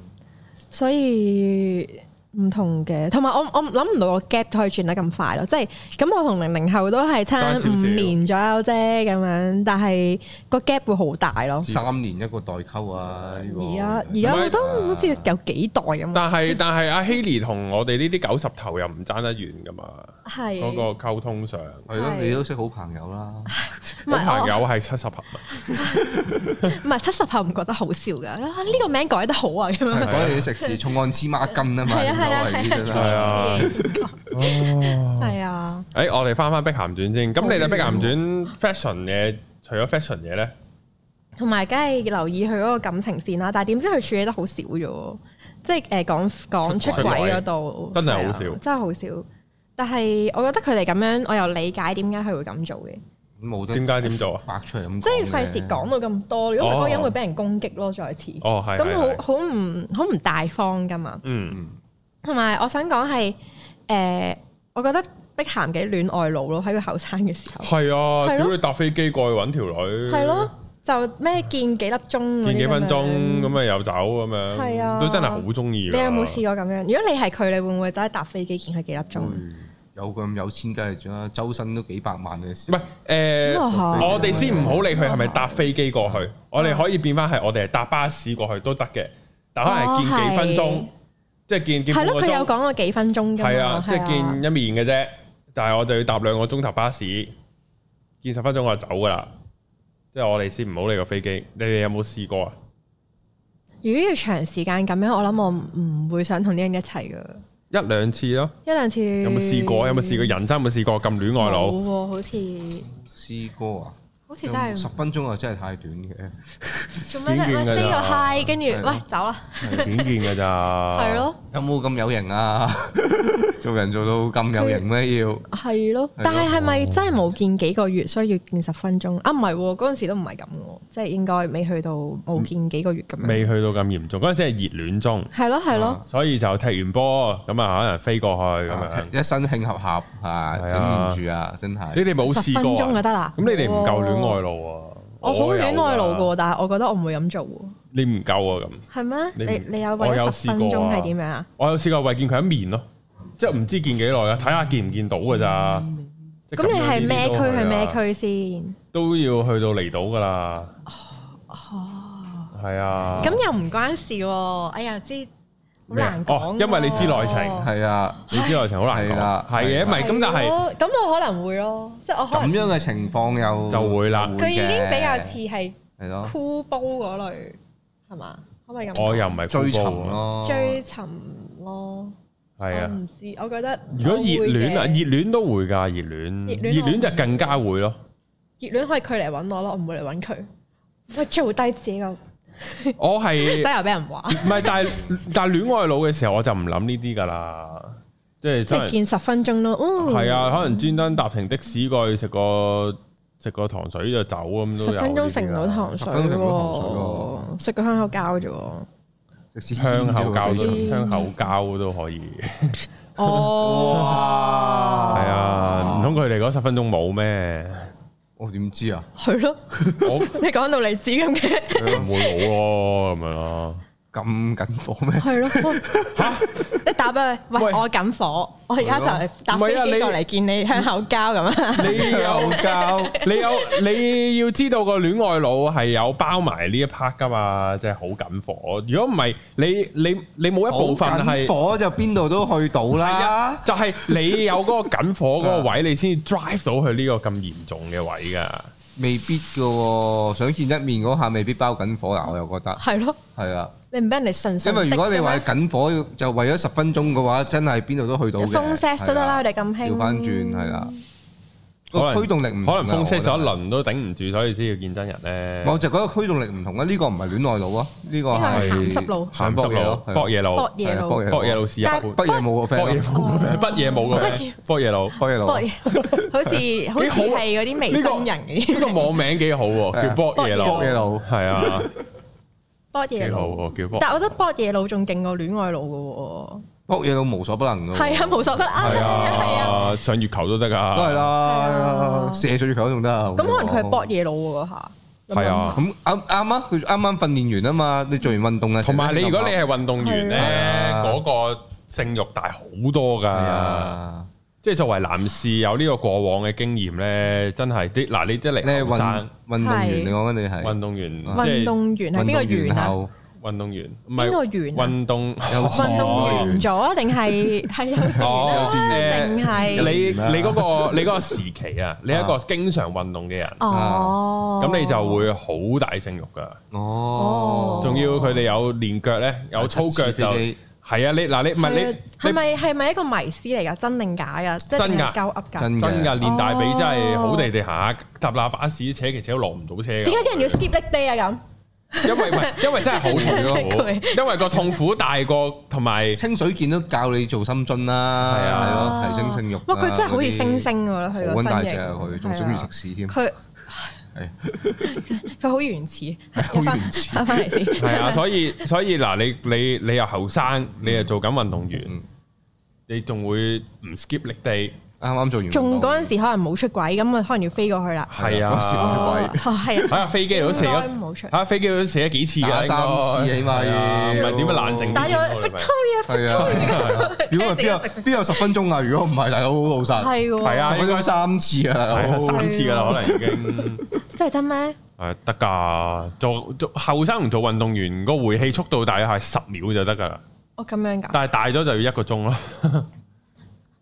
所以。唔同嘅，同埋我我諗唔到個 gap 可以轉得咁快咯，即係咁我同零零後都係差五年左右啫，咁樣，但係個 gap 會好大咯。三年一個代溝啊！而家而家好多唔知有幾代咁。但係但係阿 Hailee 同我哋呢啲九十頭又唔爭得遠噶嘛？係嗰個溝通上係咯，你都識好朋友啦，好朋友係七十後唔係七十後唔覺得好笑噶？呢個名改得好啊！咁樣，講嚟，啲食字重，按芝麻一斤啊嘛～係啊，係啊，係啊！哎，我哋翻翻《碧咸傳》先、嗯，咁你哋《碧咸傳》fashion 嘢，除咗 fashion 嘢咧，同埋梗係留意佢嗰個感情線啦。但係點知佢處理得好少啫？即係誒，講講出軌嗰度，真係好少，真係好少。但係我覺得佢哋咁樣，我又理解點解佢會咁做嘅。冇，點解點做啊？白出嚟咁，即係費事講到咁多，如果嗰音會俾人攻擊咯。再次、哦，哦係，咁好好唔好唔大方噶嘛？嗯。同埋，我想講係，誒、呃，我覺得碧咸幾戀愛腦咯，喺佢後生嘅時候。係啊，如果、啊、你搭飛機過去搵條女。係咯、啊，就咩見幾粒鐘。見幾分鐘咁啊，嗯、又走咁樣。係啊，都真係好中意。你有冇試過咁樣？如果你係佢，你會唔會就係搭飛機見佢幾粒鐘、嗯？有咁有錢，梗係走啦，周身都幾百萬嘅事。唔係，誒、呃，哦、我哋先唔好理佢係咪搭飛機過去。哦、我哋可以變翻係，我哋係搭巴士過去都得嘅，但可能係見幾分鐘。哦即係見係咯，佢有講過幾分鐘噶嘛？係啊的，的即係見一面嘅啫。的但係我就要搭兩個鐘頭巴士，見十分鐘我就走噶啦。即係我哋先唔好嚟個飛機。你哋有冇試過啊？如果要長時間咁樣，我諗我唔會想同呢人一齊噶。一兩次咯，一兩次有冇試過？有冇試過人生有冇試過？有冇試過咁戀愛腦？冇，好似試過啊。十分鐘啊，真係太短嘅，做咩？四個嗨，跟住，喂，走啦，短見噶咋？係咯？有冇咁有型啊？做人做到咁有型咩？要係咯？但係係咪真係冇見幾個月，所以要見十分鐘？啊，唔係，嗰陣時都唔係咁嘅，即係應該未去到冇見幾個月咁樣。未去到咁嚴重，嗰陣時係熱戀中，係咯係咯。所以就踢完波咁啊，可能飛過去咁啊，一身慶合合吓忍唔住啊，真係。你哋冇試過，十分鐘就得啦。咁你哋唔夠戀？外露啊！我好遠外露噶，但係我覺得我唔會咁做。你唔夠啊咁？係咩嗎不？你你有為十分鐘係點樣啊？樣我有試過為見佢一面咯、啊，即係唔知見幾耐啊，睇下見唔見到噶咋？咁、嗯嗯嗯、你係咩區去咩區先？都要去到離島噶啦。哦，係啊。咁又唔關事喎、啊。哎呀，知。哦，因為你知內情，係啊，你知內情好難講，係嘅，唔係咁，但係咁我可能會咯，即係我咁樣嘅情況又就會啦。佢已經比較似係箍煲嗰類，係嘛？可唔可以咁講？我又唔係追尋咯，追尋咯，係啊，唔知，我覺得如果熱戀啊，熱戀都會噶，熱戀，熱戀就更加會咯。熱戀可以佢嚟搵我咯，我唔會嚟搵佢，我做低自己個。我係真係俾人話，唔係，但係但係戀愛腦嘅時候，我就唔諗呢啲噶啦，即係即係見十分鐘咯，係啊，可能專登搭程的士過去食個食個糖水就走咁都有，十分鐘食唔到糖水喎，食個香口膠啫，食香口膠香口膠都可以，哦，係啊，唔通佢哋嗰十分鐘冇咩？我點、哦、知啊？係咯的， 你講到例子咁嘅，冇腦咯，咁樣啦。咁緊火咩？係咯，嚇！一打俾佢喂，我緊火，我而家就搭飛機過嚟見你香口膠咁啊！你又膠？你有你要知道個戀愛腦係有包埋呢一 part 噶嘛，即係好緊火。如果唔係你你你冇一部分係火，就邊度都去到啦。就係你有嗰個緊火嗰個位，你先至 drive 到佢呢個咁嚴重嘅位㗎。未必嘅，想見一面嗰下未必包緊火嗱。我又覺得係咯，係啊。因為如果你話緊火，就為咗十分鐘嘅話，真係邊度都去到嘅。封殺都得啦，佢哋咁興。調翻轉係啦，個驅動力可能封殺咗一輪都頂唔住，所以先要見真人咧。我就覺得驅動力唔同啊，呢個唔係戀愛佬啊，呢個係鹹濕佬，鹹濕佬，博嘢佬，博嘢佬，博嘢佬是啊，博嘢冇個 friend，博嘢冇個 friend，博嘢佬，博嘢佬，好似好似係嗰啲微瘋人嘅。呢個網名幾好，叫博嘢佬，博嘢佬係啊。搏嘢佬，但係我覺得搏嘢佬仲勁過戀愛腦噶。搏嘢佬無所不能咯。係啊，無所不能。係 啊，啊啊上月球、啊、都得噶。都係啦，啊、射上月球都仲得。咁可能佢係搏嘢佬嗰下。係啊，咁啱啱佢啱啱訓練完啊嘛，你做完運動啊。同埋你，如果你係運動員咧，嗰、啊、個性欲大好多噶。即係作為男士有呢個過往嘅經驗咧，真係啲嗱，你即係男生運動員，你講緊你係運動員。運動員係邊個員啊？運動員邊個員？運動運動員咗定係係有定係你你嗰個你嗰個時期啊？你一個經常運動嘅人哦，咁你就會好大性慾噶哦，仲要佢哋有練腳咧，有操腳就。係啊，你嗱、啊、你唔係你係咪係咪一個迷思嚟噶？真定假噶？真㗎，交真㗎，練大髀真係好地地下，搭喇叭屎扯，其實落唔到車。點解啲人要 skip leg day 啊？咁因為唔係，因為真係好痛咯， 因為個痛苦大過同埋清水見都教你做深蹲啦，係啊，提升性慾。哇、啊，佢真係好似猩猩㗎咯，佢身形。大隻又佢仲鍾意食屎添。佢、啊。係，佢好原始，好原始，係啊，所以所以嗱，你你你又後生，你又做緊運動員，嗯、你仲會唔 skip 力地？啱啱做完，仲嗰陣時可能冇出軌，咁啊可能要飛過去啦。係啊，冇出軌，係啊，睇下飛機都死咗，冇出，睇下飛機都死咗幾次啊，三次起碼，唔係點樣冷靜。打咗飛推啊，飛推，如果邊有邊有十分鐘啊，如果唔係大佬好老實。係係啊，打咗三次啊，三次噶啦，可能已經。真係得咩？係得噶，做做後生唔做運動員，個回氣速度大約係十秒就得噶啦。哦，咁樣噶。但係大咗就要一個鐘咯。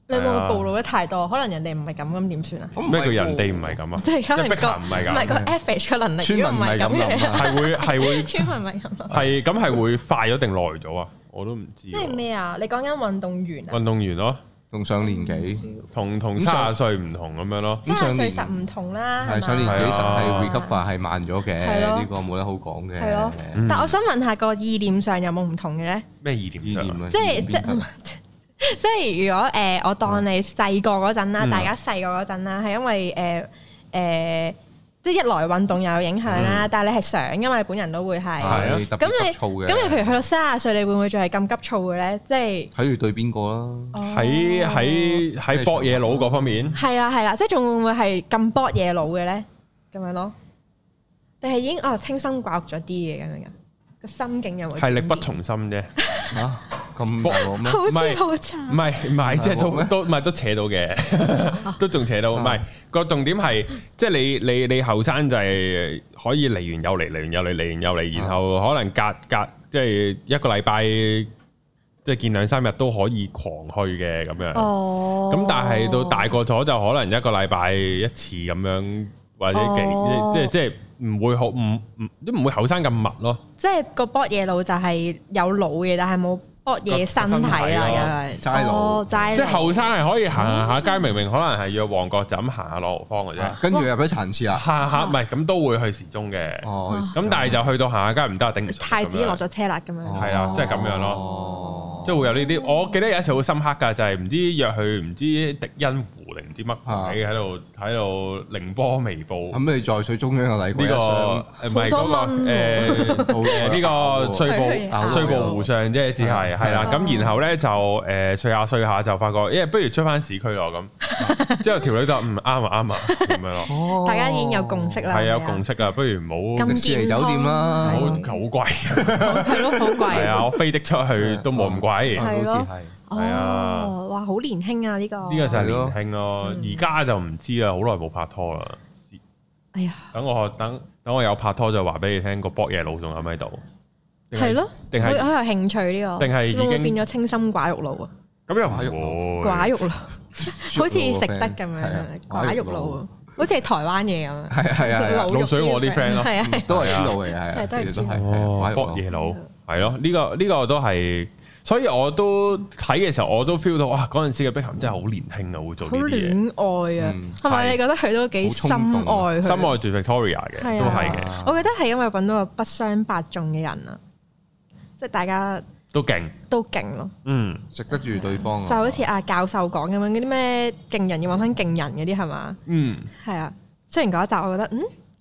你冇暴露得太多，可能人哋唔係咁，咁點算啊？咩叫人哋唔係咁啊？即係而家個唔係個 effort 嘅能力，村民唔係咁嘅，係會係會係咁係會快咗定耐咗啊？我都唔知。即係咩啊？你講緊運動員啊？運動員咯，仲上年紀同同卅歲唔同咁樣咯，三十歲實唔同啦，係上年紀實係 recover 係慢咗嘅，呢個冇得好講嘅。但我想問下個意念上有冇唔同嘅咧？咩意念上？即係即係。即係如果誒，我當你細個嗰陣啦，大家細個嗰陣啦，係因為誒誒，即係一來運動又有影響啦。但係你係想，因為本人都會係咁急躁嘅。咁你譬如去到卅歲，你會唔會仲係咁急躁嘅咧？即係睇住對邊個啦，喺喺喺搏嘢佬嗰方面。係啦係啦，即係仲會唔會係咁搏嘢佬嘅咧？咁樣咯，定係已經哦，清心寡欲咗啲嘢咁樣嘅個心境又係力不從心啫。咁搏咩？唔係唔係，即係都都唔係都扯到嘅，都仲扯到。唔係個重點係，即係你你你後生就係可以嚟完又嚟，嚟完又嚟，嚟完又嚟，然後可能隔隔即係一個禮拜，即係見兩三日都可以狂去嘅咁樣。哦，咁但係到大個咗就可能一個禮拜一次咁樣，或者幾即即即唔會好唔唔都唔會後生咁密咯。即係個搏夜路就係有腦嘅，但係冇。各嘢身體啦，咁樣哦，即係後生係可以行下街，明明可能係約旺角就咁行下朗豪坊嘅啫，跟住入咗殘廁啊，下下唔係咁都會去時鐘嘅，咁但係就去到行下街唔得，頂唔住太子落咗車啦咁樣，係啊，即係咁樣咯，即係會有呢啲，我記得有一次好深刻嘅就係唔知約去唔知迪欣胡啲乜鬼喺度喺度凌波微步，咁你在水中央啊？嚟呢個唔係咁啊？誒，呢個稅步，稅報湖上啫，只係係啦。咁然後咧就誒，睡下睡下就發覺，誒不如出翻市區咯。咁之後條女就唔啱啊啱啊咁樣咯。大家已經有共識啦，係有共識噶，不如唔好住酒店啦，好貴。係咯，好貴。係啊，我飛的出去都冇咁貴。好似。係。係啊，哇，好年輕啊！呢個呢個就係年輕咯，而家就唔知啦，好耐冇拍拖啦。哎呀，等我等等我有拍拖就話俾你聽個博野佬仲有喺度。係咯，定係好有興趣呢個？定係已經變咗清心寡欲佬啊？咁又唔係，寡欲佬，好似食得咁樣，寡欲佬，好似係台灣嘢咁。係係啊，滷水我啲 friend 咯，係啊，都係滷味，係啊，都係都係，博野佬係咯，呢個呢個都係。所以我都睇嘅時候，我都 feel 到哇，嗰陣時嘅碧咸真係好年輕啊，會做呢啲嘢。好戀愛啊，係咪、嗯、你覺得佢都幾深愛？深就愛住 Victoria 嘅、啊、都係嘅。我覺得係因爲揾到個不相伯仲嘅人、嗯、啊，即係大家都勁都勁咯。嗯，食得住對方、啊、就好似阿教授講咁樣，嗰啲咩勁人要揾翻勁人嗰啲係嘛？嗯，係啊。雖然嗰一集我覺得嗯。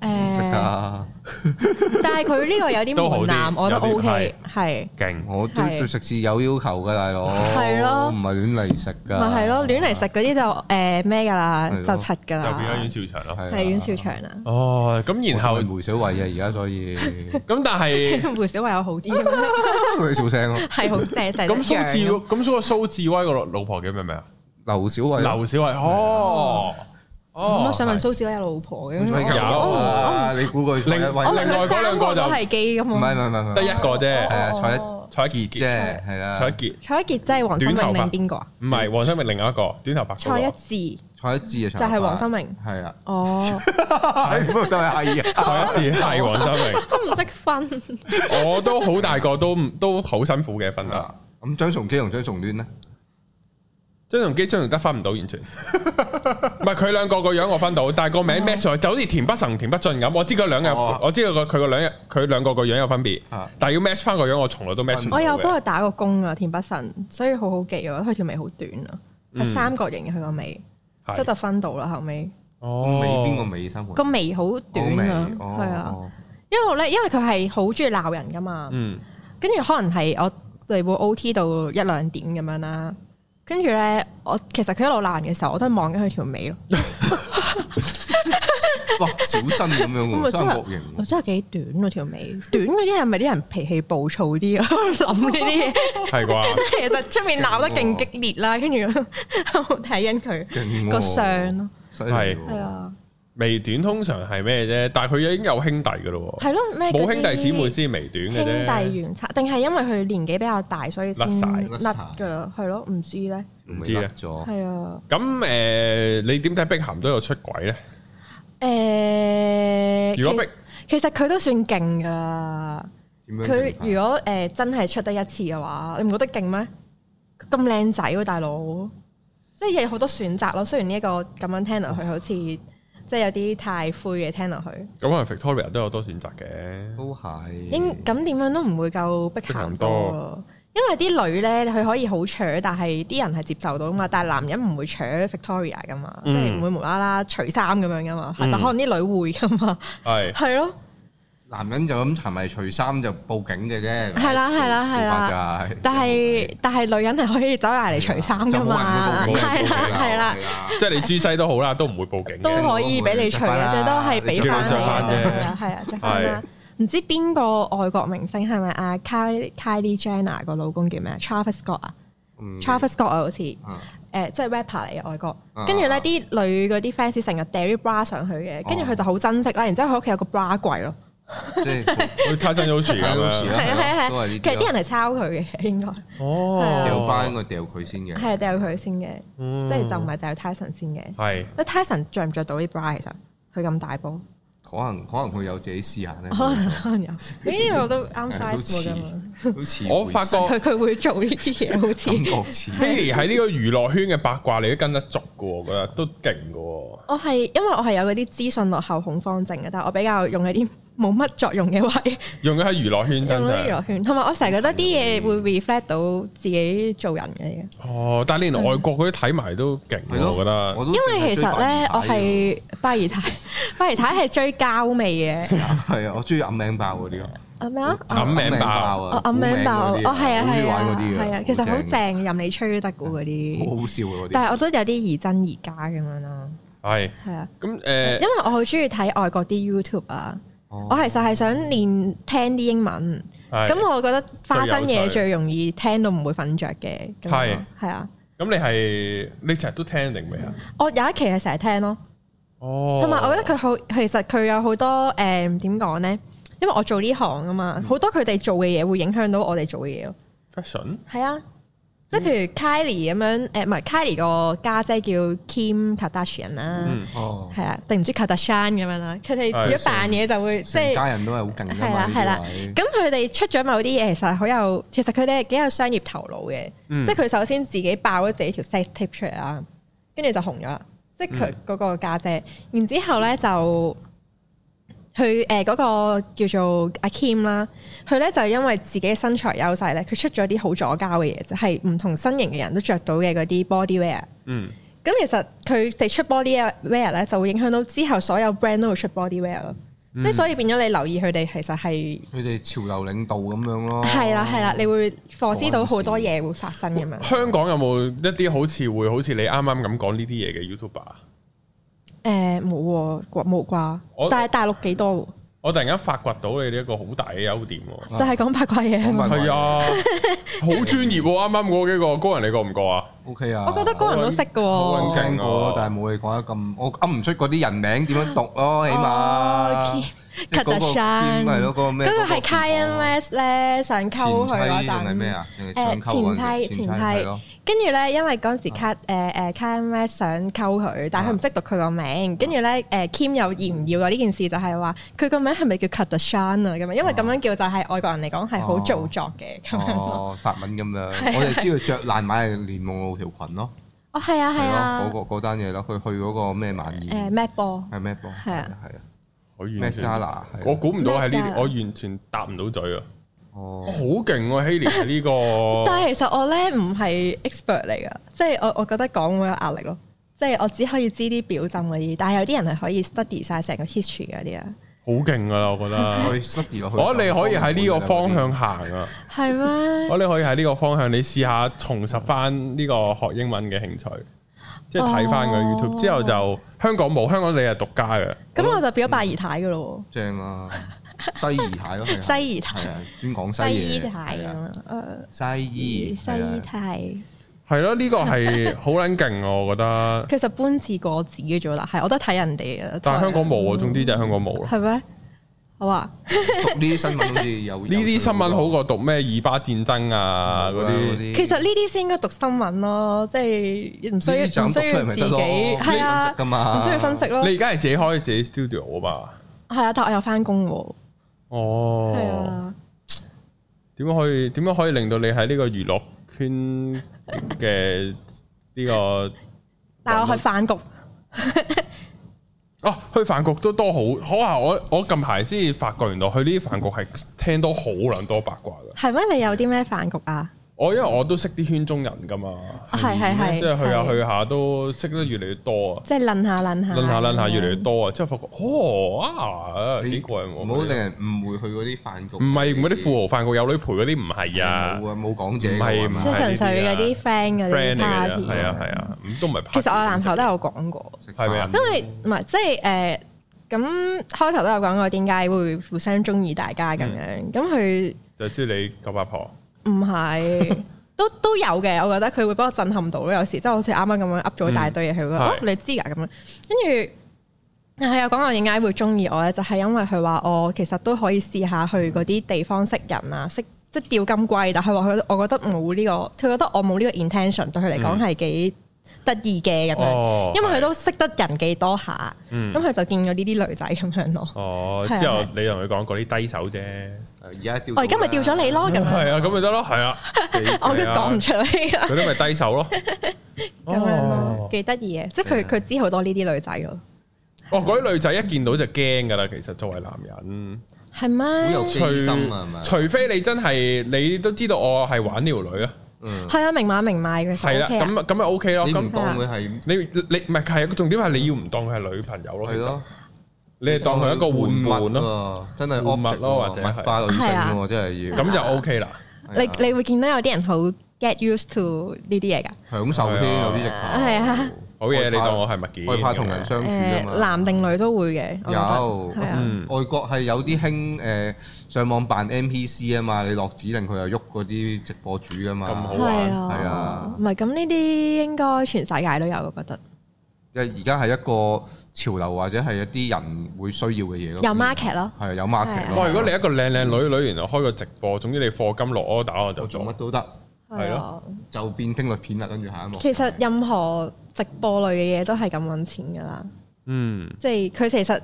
誒，食噶，但係佢呢個有啲門檻，我覺得 O K，係。勁，我都對食字有要求噶，大佬。係咯，唔係亂嚟食噶。咪係咯，亂嚟食嗰啲就誒咩噶啦，就柒噶啦。就變咗阮兆祥咯，係。係阮兆祥啊。哦，咁然後胡小慧啊，而家所以。咁但係胡小慧有好啲，小聲咯。係好正，咁蘇志，咁蘇個蘇志威個老婆叫咩名啊？劉小慧。劉小慧，哦。我想問蘇志威有老婆嘅咩？有，你估佢？另外嗰兩個就係基咁，唔係唔係唔係，得一個啫。蔡蔡一傑啫，係啦，蔡一傑。蔡一傑真係黃心明，定邊個啊？唔係黃心明，另外一個短頭髮。蔡一智，蔡一智啊，就係黃心明。係啊。哦。都係阿姨啊。蔡一智係黃心明。都唔識分。我都好大個，都都好辛苦嘅分啊。咁張崇基同張崇端呢？張龍基、張龍德分唔到完全，唔係佢兩個個樣我分到，但係個名 match 唔到，就好似田北辰、田北俊咁。我知佢兩日，我知道佢個兩日，佢兩個個樣有分別，但係要 match 翻個樣，我從來都 match 唔到。我有幫佢打過工啊，田北辰，所以好好記啊。佢條尾好短啊，係三角形嘅。佢個尾，即係就分到啦後尾。哦，尾邊個尾三？個尾好短啊，係啊，因為咧，因為佢係好中意鬧人噶嘛，嗯，跟住可能係我哋會 OT 到一兩點咁樣啦。跟住咧，我其實佢一路爛嘅時候，我都係望緊佢條尾咯。 哇，小身咁樣，三角形，真係幾短嗰條尾。 短嗰啲係咪啲人脾氣暴躁啲啊？諗呢啲嘢係啩？ 吧 其實出面鬧得勁激烈啦。跟住睇緊佢個相咯，係係啊。嗯對微短通常係咩啫？但係佢已經有兄弟噶咯，係咯，咩，冇兄弟姊妹先微短嘅啫。兄弟緣差，定係因為佢年紀比較大，所以甩晒？甩噶啦，係咯了，唔知咧，唔知啊，係啊的。咁誒、呃，你點睇碧咸都有出軌咧？誒、呃，如果其實佢都算勁噶啦。佢如果誒真係出得一次嘅話，你唔覺得勁咩？咁靚仔喎，大佬，即係有好多選擇咯。雖然呢、這、一個咁樣聽落去好似。即係有啲太灰嘅聽落去，咁啊 Victoria 都有好多選擇嘅，都係是。應咁點樣都唔會夠逼行多，多，因為啲女咧佢可以好搶，但係啲人係接受到啊嘛。但係男人唔會搶 Victoria 噶嘛，嗯、即係唔會無啦啦除衫咁樣噶嘛。但、嗯、可能啲女會噶嘛，係係咯。 是男人就咁沉迷除衫就報警嘅啫，係啦係啦係啦。但係但係女人係可以走嚟嚟除衫㗎嘛，係啦係啦。即係你知西都好啦，都唔會報警。都可以俾你除，最多係俾翻你嘅。係啊，唔知邊個外國明星係咪？阿 Kylie Jenner 個老公叫咩啊？Travis Scott 啊 Travis Scott 啊好似誒即係 rapper 嚟嘅外國。跟住咧啲女嗰啲 fans 成日掟 bra 上去嘅，跟住佢就好珍惜啦。然之後佢屋企有個 bra 櫃咯。即係泰森好似，係啊係啊係，其實啲人係抄佢嘅應該。哦，掉班我掉佢先嘅，係掉佢先嘅，即係就唔係掉泰森先嘅。係，阿泰森着唔着到啲 bra？其實佢咁大波，可能可能佢有自己試下咧。可能可能有，呢個我都啱 size 噶嘛？好似我發覺佢佢會做呢啲嘢，好似感覺似。Hailee 喺呢個娛樂圈嘅八卦，你都跟得足噶，我覺得都勁噶。我係因為我係有嗰啲資訊落後恐慌症嘅，但係我比較用一啲。冇乜作用嘅位，用佢喺娛樂圈真就，娛樂圈同埋我成日覺得啲嘢會 reflect 到自己做人嘅嘢。哦，但係你外國嗰啲睇埋都勁，我覺得。因為其實咧，我係巴爾太。巴爾太係追膠味嘅。係啊，我中意暗名爆嗰啲。啊咩啊？暗名爆？啊！暗名爆？我係啊係啊，係啊，其實好正，任你吹都得嗰啲。好好笑啲。但係我都有啲而真而假咁樣咯。係。係啊，咁誒，因為我好中意睇外國啲 YouTube 啊。Oh. 我其實係想練聽啲英文，咁是我覺得花生嘢最容易聽到唔會瞓着嘅，係係是、嗯、啊。咁你係你成日都聽定未啊？我有一期係成日聽咯，哦。同埋我覺得佢好，其實佢有好多誒點講咧，因為我做呢行啊嘛，好多佢哋做嘅嘢會影響到我哋做嘅嘢咯。Fashion 係啊。即係譬如 Kylie 咁、嗯、樣，誒，唔係 Kylie 個家姐，姐叫 Kim Kardashian 啦、嗯，係、哦、啊，定唔知 Kardashian 咁樣啦，佢哋只要扮嘢就會，即係家人都係好勁啊，係啦，係啦。咁佢哋出咗某啲嘢，其實好有，其實佢哋係幾有商業頭腦嘅，嗯、即係佢首先自己爆咗自己條 sex tape 出嚟啊，跟住就紅咗啦。嗯、即係佢嗰個家姐，姐，然之後咧就。佢誒嗰個叫做阿 Kim 啦，佢咧就係因為自己嘅身材優勢咧，佢出咗啲好左交嘅嘢，就係、是、唔同身形嘅人都着到嘅嗰啲 body wear。嗯。咁其實佢哋出 body wear 咧，就會影響到之後所有 brand 都會出 body wear 咯、嗯。即係所以變咗你留意佢哋，其實係。佢哋潮流領導咁樣咯。係啦、啊，係啦、啊啊，你會 foresight 到好多嘢會發生咁樣。時啊、香港有冇一啲好似會好似你啱啱咁講呢啲嘢嘅 YouTuber 啊？誒，冇喎冇啩？哦、我但係大陸幾多我？我突然間發掘到你呢一個好大嘅優點，就係講八卦嘢，係啊，好專業、啊。啱啱嗰幾個高人，你覺唔覺啊？O.K. 啊，我覺得個人都識嘅喎，聽過，但係冇你講得咁，我噏唔出嗰啲人名點樣讀咯，起碼。哦，Kardashian，唔係咯，嗰個咩？嗰個係 Kim West 咧想溝佢嗰陣。前妻係咩啊？前妻，前妻跟住咧，因為嗰陣時卡 Kim West 想溝佢，但係佢唔識讀佢個名。跟住咧，誒 Kim 有嫌唔要呢件事就係話佢個名係咪叫 Kardashian 啊？咁啊，因為咁樣叫就係外國人嚟講係好做作嘅咁樣。法文咁樣，我哋知道着爛買連帽。條裙咯，哦，係啊係啊，嗰個單嘢咯，佢去嗰個咩晚宴，誒咩波係咩波係啊係啊，可以 Gala 我估唔到係呢啲，我完全答唔到嘴啊，哦，好勁啊 Hailee 呢個，但係其實我咧唔係 expert 嚟噶，即係我我覺得講會有壓力咯，即係我只可以知啲表針嗰啲，但係有啲人係可以 study 晒成個 history 嗰啲啊。好勁噶啦，我覺得。我、 啊、你可以喺呢個方向行啊。係咩 嗎？我、啊、你可以喺呢個方向，你試下重拾翻呢個學英文嘅興趣，即係睇翻個 YouTube 之後就香港冇香港你係獨家嘅。咁、哦、我就變咗拜姨太噶咯、嗯。正啊！西姨太咯， 西姨太啊， 專講西姨太啊，呃、西二意、啊、西姨太。係咯，呢、這個係好撚勁啊！我覺得 其實搬字過字嘅做「啦，係我都睇人哋啊。但係香港冇啊，嗯、總之就係香港冇咯。係咩？好啊！讀呢啲新聞好似有呢啲新聞好過讀咩以巴戰爭啊嗰啲。 些其實呢啲先應該讀新聞咯，即係唔需要唔需要自己係啊？唔了需要分析咯。你而家係自己開自己 studio 啊嘛？係啊，但係我有翻工喎。哦，係啊。點樣可以點樣可以令到你喺呢個娛樂？偏嘅呢個， 但我去飯局，哦、 啊，去飯局都多好，好啊！我我近排先至發覺原來，去呢啲飯局係聽到好捻多，多八卦噶。係咩？你有啲咩飯局啊？我因為我都識啲圈中人㗎嘛，係係係，即係去下去下都識得越嚟越多啊！即係撚下撚下，撚下撚下越嚟越多啊！即係發覺哦啊，呢個好令人誤會去嗰啲飯局，唔係嗰啲富豪飯局有女陪嗰啲，唔係啊，冇冇講者，唔係唔係，私啲 friend 嗰啲 party，係啊係啊，都唔係。其實我開頭都有講過，因為唔係即係誒咁開頭都有講過點解會互相中意大家咁樣，咁佢就知你九八婆。唔係，都都有嘅。我覺得佢會幫我震撼到咧。有時即係好似啱啱咁樣噏咗一大堆嘢，佢、嗯、會覺得哦，哦你知㗎咁樣。跟住係啊，講我點解會中意我咧，就係、是、因為佢話我其實都可以試下去嗰啲地方識人啊，識即係釣金龜。但係話佢，我覺得冇呢、這個，佢覺得我冇呢個 intention。對佢嚟講係幾得意嘅咁樣，因為佢都識得人幾多下。咁佢、嗯嗯、就見咗呢啲女仔咁樣咯。哦， 對之後你同佢講過啲低手啫。我而家咪掉咗你咯，咁係啊，咁咪得咯，係啊，我都講唔出嚟。佢都咪低手咯，咁樣咯，幾得意嘅，即係佢佢知好多呢啲女仔咯。哦，嗰啲女仔一見到就驚噶啦，其實作為男人係咩？好有虛心啊嘛，除非你真係你都知道我係玩呢條女啊，嗯，係啊，明碼明賣嘅，係啦，咁咁咪 OK 咯。你唔當佢係你你唔係係重點係你要唔當佢係女朋友咯，係咯。你當佢一個玩物咯，真係惡物咯，或者係啊，係啊，真係要咁就 OK 啦。你你會見到有啲人好 get used to 呢啲嘢噶，享受添，有啲直播係啊，好嘢你當我係物件，我怕同人相處啊嘛。男定女都會嘅，有嗯，外國係有啲興誒，上網扮 NPC 啊嘛，你落指令佢又喐嗰啲直播主噶嘛，咁好玩係啊。唔係咁，呢啲應該全世界都有，我覺得。因為而家係一個。潮流或者係一啲人會需要嘅嘢咯，有 market 咯，係啊，有 market 咯。哇！如果你一個靚靚女女，然後開個直播，總之你課金落 order 我就做乜都得，係咯是、啊，就變聽律片啦，跟住下一幕。其實任何直播類嘅嘢都係咁揾錢噶啦，嗯，即係佢其實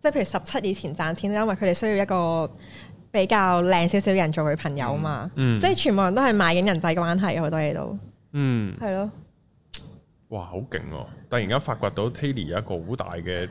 即係譬如十七以前賺錢因為佢哋需要一個比較靚少少嘅人做佢朋友啊嘛，嗯，嗯、即係全部人都係賣緊人際嘅關係好多嘢都，嗯，係咯。哇，好勁、啊！突然間發掘到 Terry 有一個好大嘅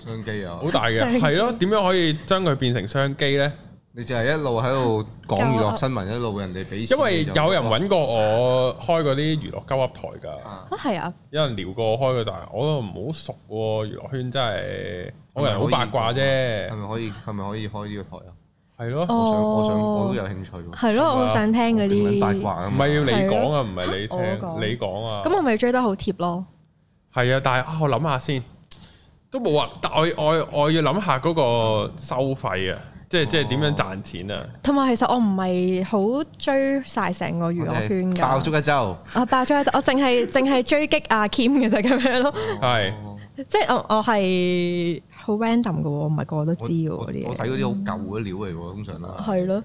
商機啊，好大嘅，係咯機？點、啊、樣可以將佢變成商機呢？你就係一路喺度講娛樂新聞， 一路人哋俾錢，因為有人揾過我開嗰啲娛樂交壓台㗎，啊係啊，有人聊過我開個台，我都唔好熟喎、啊，娛樂圈真係我唔係好八卦啫，係咪可以？係咪可，可以開呢個台啊？係咯，我想，我想，我都有興趣喎。係咯，我好想聽嗰啲。唔係要你講啊，唔係你聽你講啊。咁我咪追得好貼咯。係啊，但係我諗下先，都冇啊。但我我我要諗下嗰個收費啊，即係即係點樣賺錢啊。同埋其實我唔係好追晒成個娛樂圈嘅。爆咗一週。啊，爆咗一週，我淨係淨係追擊阿 Kim 嘅啫，咁樣咯。係。即係我我係好 random 嘅，唔係個個都知嘅嗰啲。我睇嗰啲好舊嘅料嚟嘅，通常啦。係咯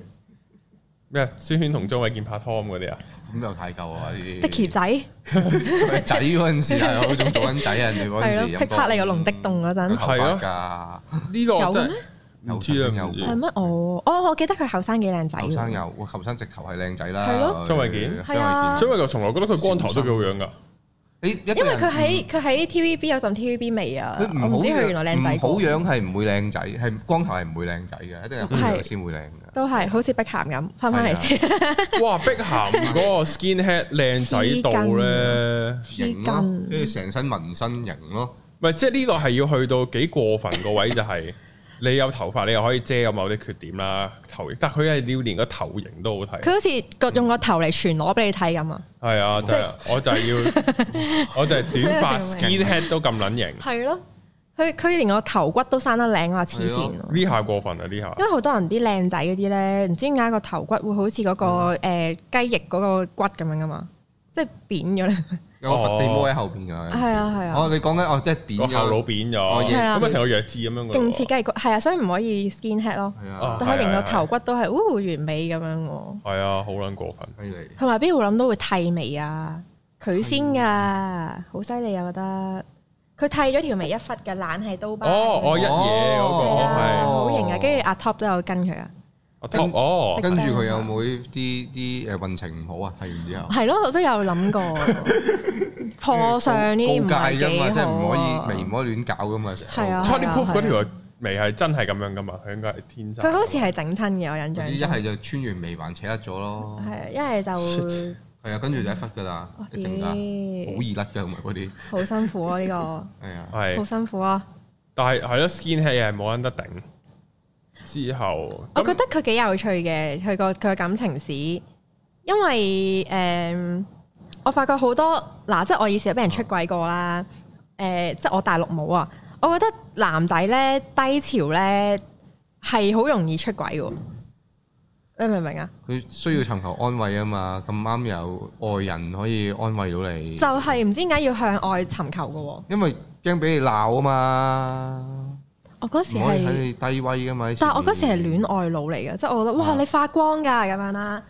咩？孫軒同張衛健拍拖嗰啲啊？咁又太舊啊！啲 Dicky 仔仔嗰陣時啊，好中意做緊仔啊！你嗰陣時拍你個龍的洞嗰陣係咯？呢個有有係咩？哦哦，我記得佢後生幾靚仔，後生有，後生直頭係靚仔啦。張衛健，張衛健，張衛就從來覺得佢光頭都幾好樣噶。因為佢喺佢喺 TVB 有陣 TVB 味啊！唔知佢原來靚仔。好樣係唔會靚仔，係光頭係唔會靚仔嘅，一定係邊度先會靚嘅？都係好似碧咸咁，翻返嚟先。 哇！碧咸嗰個 skinhead 靚仔度咧，跟住成身紋身型咯。唔即係呢個係要去到幾過分個位 就係、是。你有頭髮，你又可以遮咗某啲缺點啦。頭型，但佢係要連個頭型都好睇。佢好似個用個頭嚟全裸俾你睇咁啊！係啊，我就係要，我就係短髮 skin head 的都咁撚型。係咯，佢佢連個頭骨都生得靚啊！黐線，呢下的過分啊！呢下，因為好多人啲靚仔嗰啲咧，唔、那個、知點解個頭骨會好似嗰、那個誒、嗯呃、雞翼嗰個骨咁樣噶嘛，即係扁咗咧。 個伏地魔喺後邊嘅，係啊係啊。哦，你講緊哦，即係扁嘅，老扁咗，咁啊成個弱智咁樣嘅，近似雞骨，係啊，所以唔可以 skin head 咯。係啊，但係連個頭骨都係，哦，完美咁樣。係啊，好撚過分，犀利。同埋邊度諗到會剃眉啊？佢先噶，好犀利啊！我覺得佢剃咗條眉一忽嘅，懶係刀疤。哦哦，一嘢，好型啊！跟住阿 Top 都有跟佢啊。哦，跟住佢有冇啲啲啲誒運程唔好啊？睇完之後係咯，我都有諗過破相呢啲唔係幾好嘛，即係唔可以眉唔可以亂搞噶嘛，成個。Tony Pope 嗰條眉係真係咁樣噶嘛，佢應該係天生。佢好似係整親嘅，我印象。一係就穿完眉環扯甩咗咯。係，一係就會係啊，跟住就一忽噶啦，一定啦，好易甩噶，同埋嗰啲好辛苦啊！呢個係啊，係好辛苦啊！但係係咯，skin care 係冇得頂。之後，我覺得佢幾有趣嘅，佢個佢嘅感情史，因為誒、嗯，我發覺好多嗱，即、啊、係、就是、我以前有俾人出軌過啦，誒、啊，即、就、係、是、我大陸冇啊，我覺得男仔咧低潮咧係好容易出軌噶，你明唔明啊？佢需要尋求安慰啊嘛，咁啱有外人可以安慰到你，就係唔知點解要向外尋求噶，因為驚俾你鬧啊嘛。我嗰時係低位嘅嘛，但係我嗰時係戀愛腦嚟嘅，即係哇 我覺得哇，你發光噶咁樣啦，